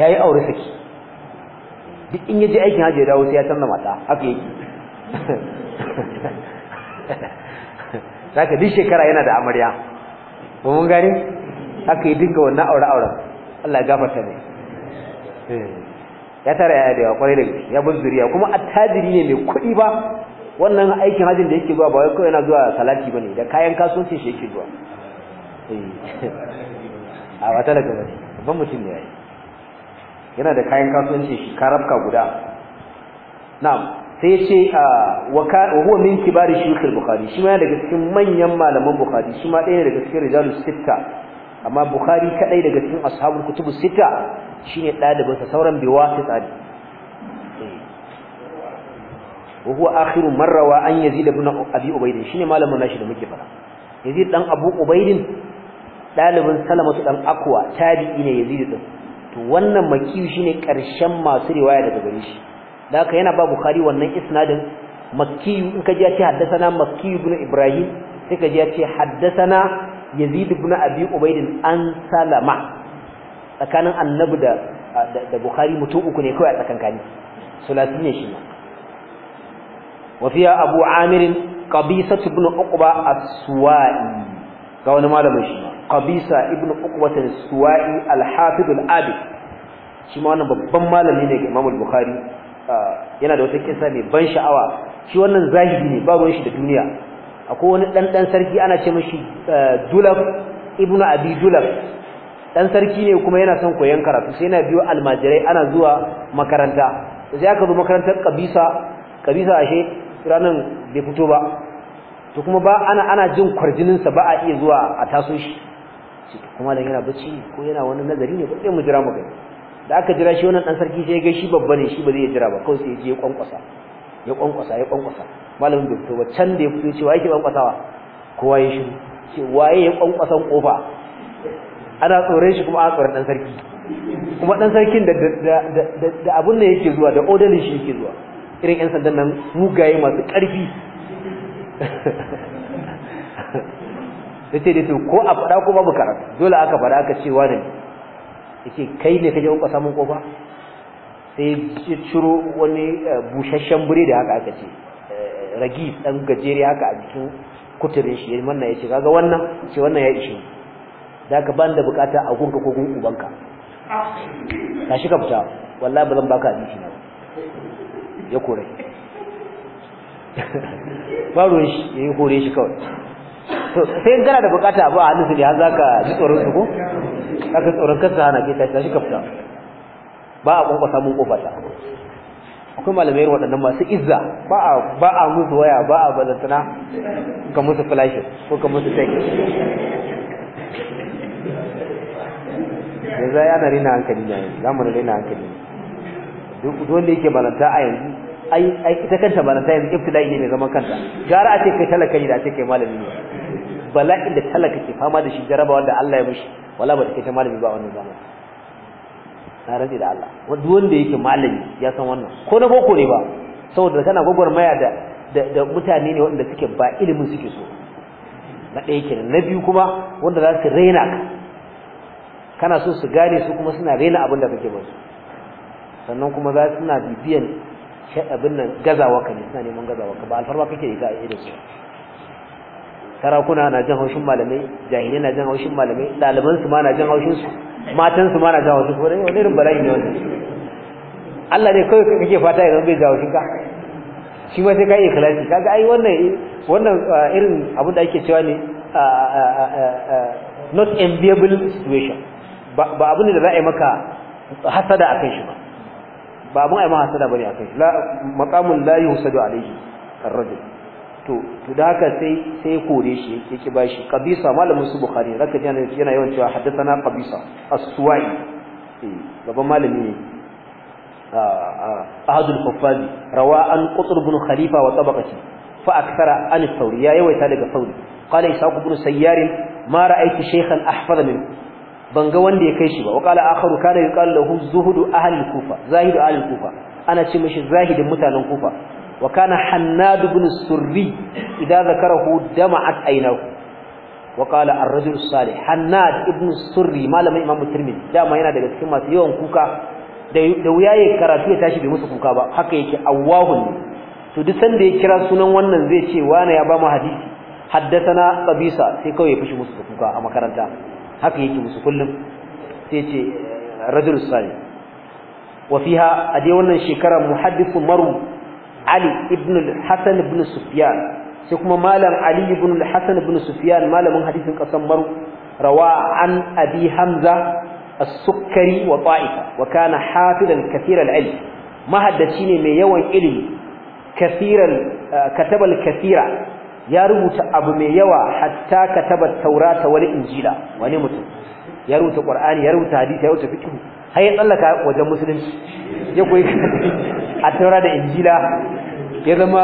yayi aure saki duk in yaje aikin haji ya dawo sai ya canza mata haka yake saka duk shekara yana da amarya mun gane haka yi dinga wannan aure auren Allah ya gafarta ne eh. ya tara yaya da yawa kwarai da ya bin zuriya kuma attajiri ne mai kuɗi ba wannan aikin hajin da yake zuwa ba wai kawai yana zuwa salati bane da kayan kasuwanci shi yake zuwa eh. a wata daga bane ban mutum ne yayi yana da kayan kasuwanci shi karabka guda na'am sai ce ah, wa huwa min kibari shuyukh al-bukhari shi ma daga cikin manyan malaman bukhari shi ma ɗaya daga cikin rijalus sitta amma bukhari kadai daga cikin ashabul kutubus sitta shine sa sauran biwasi tsari wa huwa akhiru marrawa an yazid ibn abi ubayd shine malamin nashi da muke fara yazid dan abu ubayd dalibin salamatu dan akwa tabi'i ne yazid din to wannan makiyu shine karshen masu riwaya daga gare shi haka yana ba bukhari wannan isnadin makiyu in ka ji ya ce haddathana makiyu ibn ibrahim sai ka ji ya ce haddathana yazid ibn abi ubayd an salama tsakanin annabi da da bukhari mutu uku ne kai a tsakankani sulasin ne shi وفيها أبو عامر قبيصة بن أقبى السوائي قولنا ما لم يشي قبيصة ابن أقبة السوائي الحافظ الآبي شما وانا ببن ما لم ينك إمام البخاري yana da wata kisa mai ban sha'awa shi wannan zahiri ne ba ruwan shi da duniya akwai wani dan dan sarki ana ce mashi eh, Dulab ibnu Abi Dulab dan sarki ne kuma yana son koyon karatu sai yana biyo almajirai ana zuwa makaranta sai aka zo makarantar Kabisa Kabisa ashe ranan bai fito ba to kuma ba ana ana jin kwarjinin sa ba a iya zuwa a taso shi kuma dan yana bacci ko yana wani nazari ne ko sai mu jira mu gani da aka jira shi wannan dan sarki sai ya ga shi babba ne shi ba zai jira ba kawai sai ya je ya kwankwasa ya kwankwasa ya kwankwasa malamin bai fito ba can da ya fito cewa yake kwankwasawa kowa ya shi ce waye ya kwankwasan kofa ana tsore shi kuma a tsore dan sarki kuma dan sarkin da da da abun da yake zuwa da odalin shi yake zuwa irin 'yan sandan nan mugaye masu ƙarfi ya ce ko a faɗa ko babu karatu dole aka faɗa aka ce wa ne kai ne ka je mun ƙofa sai ya ciro wani eh, busasshen bure da haka aka ce eh, ragi dan gajere haka a jikin kuturin shi wannan ya kaga wannan ce wannan ya ishe da ka ban da bukata a gunka ko banka ubanka shi ka fita wallahi ba zan baka abinci na ya kore ba ruwan shi ya yi kore shi kawai sai gana da bukata ba a hannunsu ne har za ka ji tsoron su ko za ka tsoron kansa hana ke tashi shi kafta ba a kwankwasa mun kofa ta akwai malamai waɗannan masu izza ba a ba a musu waya ba a bazantana ga musu flash ko ga musu text yanzu ya na rina hankali na yanzu zamanin rina hankali duk wanda yake balanta a yanzu ai ai ita kanta ba na sai ibtila'i ne mai zaman kanta gara a ce kai talaka ne da a kai malami ne bala'in da talaka ke fama da shi jaraba wanda Allah ya mishi wala ba ta kai ta malami ba wannan zaman na rantsi da Allah wanda wanda yake malami ya san wannan ko na boko ne ba saboda kana gwagwarmaya da da mutane ne waɗanda suke ba ilimin suke so na ɗaya kenan na biyu kuma wanda za su raina ka kana so su gane su kuma suna raina abin da kake ba su sannan kuma za su na bibiyan abin nan gazawa ka ne suna neman gazawa ka ba alfarma kake yi ga irin su sarakuna na jan haushin malamai jahilai na jan haushin malamai ɗaliban su ma na jan haushin su matan su ma na jan haushin su wani irin bala'i ne wani Allah ne kawai kake fata idan bai jawo ka shi ma sai ka yi ikhlasi kaga ai wannan wannan irin abin da ake cewa ne not enviable situation ba abin da za a yi maka hasada akan shi ba ba mun ai ma hasada bane akai la maqamun la yusadu alaihi ar-rajul to to da haka sai sai kore shi yake bashi qabisa malamin su bukhari raka ji yana yawan cewa haddathana qabisa as-suwai gaban eh, malami ne ahadul rawa an qutr ibn khalifa wa tabaqati fa akthara an thawri ya yawaita daga thawri qala ishaq ibn sayyar ma ra'aytu shaykhan ahfadha min ban ga wanda ya kai shi ba waqala akharu kana yuqalu lahu zuhudu ahli kufa zahidu ahli kufa ana ce mishi zahidin mutanen kufa wa kana hannad ibn surri idan zakarahu dama'at aynahu wa qala ar-rajul salih hannad ibn surri malamin imam tirmidhi dama yana daga cikin masu yawan kuka da wuya ya karatu ya tashi bai musu kuka ba haka yake awwahun to duk sanda ya kira sunan wannan zai ce wani ya ba mu hadisi haddathana qabisa sai kawai ya fushi musu kuka a makaranta haka yake musu kullum sai ce rajul salih wa fiha a dai wannan shekara muhaddith maru ali ibn al-hasan ibn sufyan sai kuma malam ali ibn al-hasan ibn sufyan malamin hadisin kasan maru rawa an abi hamza as-sukkari wa ta'ifa wa kana hafizan kathira al-ilm mahaddaci ne mai yawan ilimi kathiran katabal kathira ya rubuta abu mai yawa hatta kataba taurata wani injila wani mutum ya rubuta qur'ani ya rubuta hadisi ya rubuta fiqh har ya tsallaka wajen musulunci ya koyi a taura da injila ya zama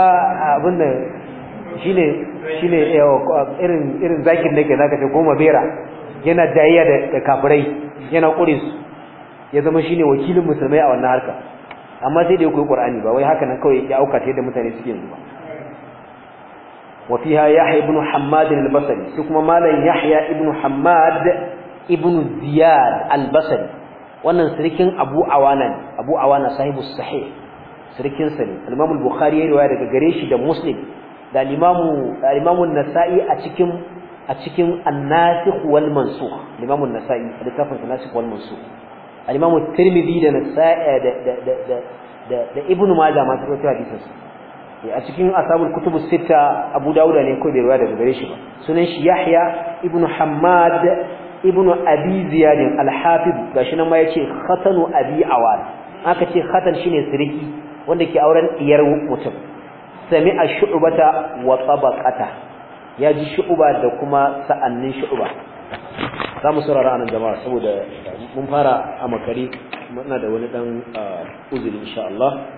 abin da shine shine eh, irin irin zakin nake ke zaka ce goma bera, yana jayayya da kafirai yana kuris ya zama shine wakilin musulmai a wannan harka amma sai da ya koyi qur'ani ba wai haka nan kawai ya auka ta yadda mutane suke yanzu ba وفيها يحيى بن حماد البصري كما مالن يحيى ابن حماد ابن زياد البصري wannan sirkin Abu Awana ne Abu Awana sahibu sahih sirkin sa ne Imam al-Bukhari ya riwaya daga gare shi da Muslim da Imam Imam an-Nasa'i a cikin a cikin An-Nasikh wal Mansukh Imam an-Nasa'i a littafin An-Nasikh wal Mansukh Imam at-Tirmidhi da Nasa'i da da da da Ibn Majah ma cikin hadisin Eh, a cikin asabul kutubu sita abu dauda ne ko bai ruwa daga gare shi ba sunan shi yahya ibnu hammad ibnu abi ziyad al-hafiz gashi nan ma yace khatanu abi awad aka ce khatan shine siriki wanda ke auren iyar mutum sami ash-shu'bata wa tabaqata ya ji shu'ba da kuma sa'annin shu'ba za mu saurara anan jama'a saboda mun fara a makari muna da wani dan ah, uzuri insha Allah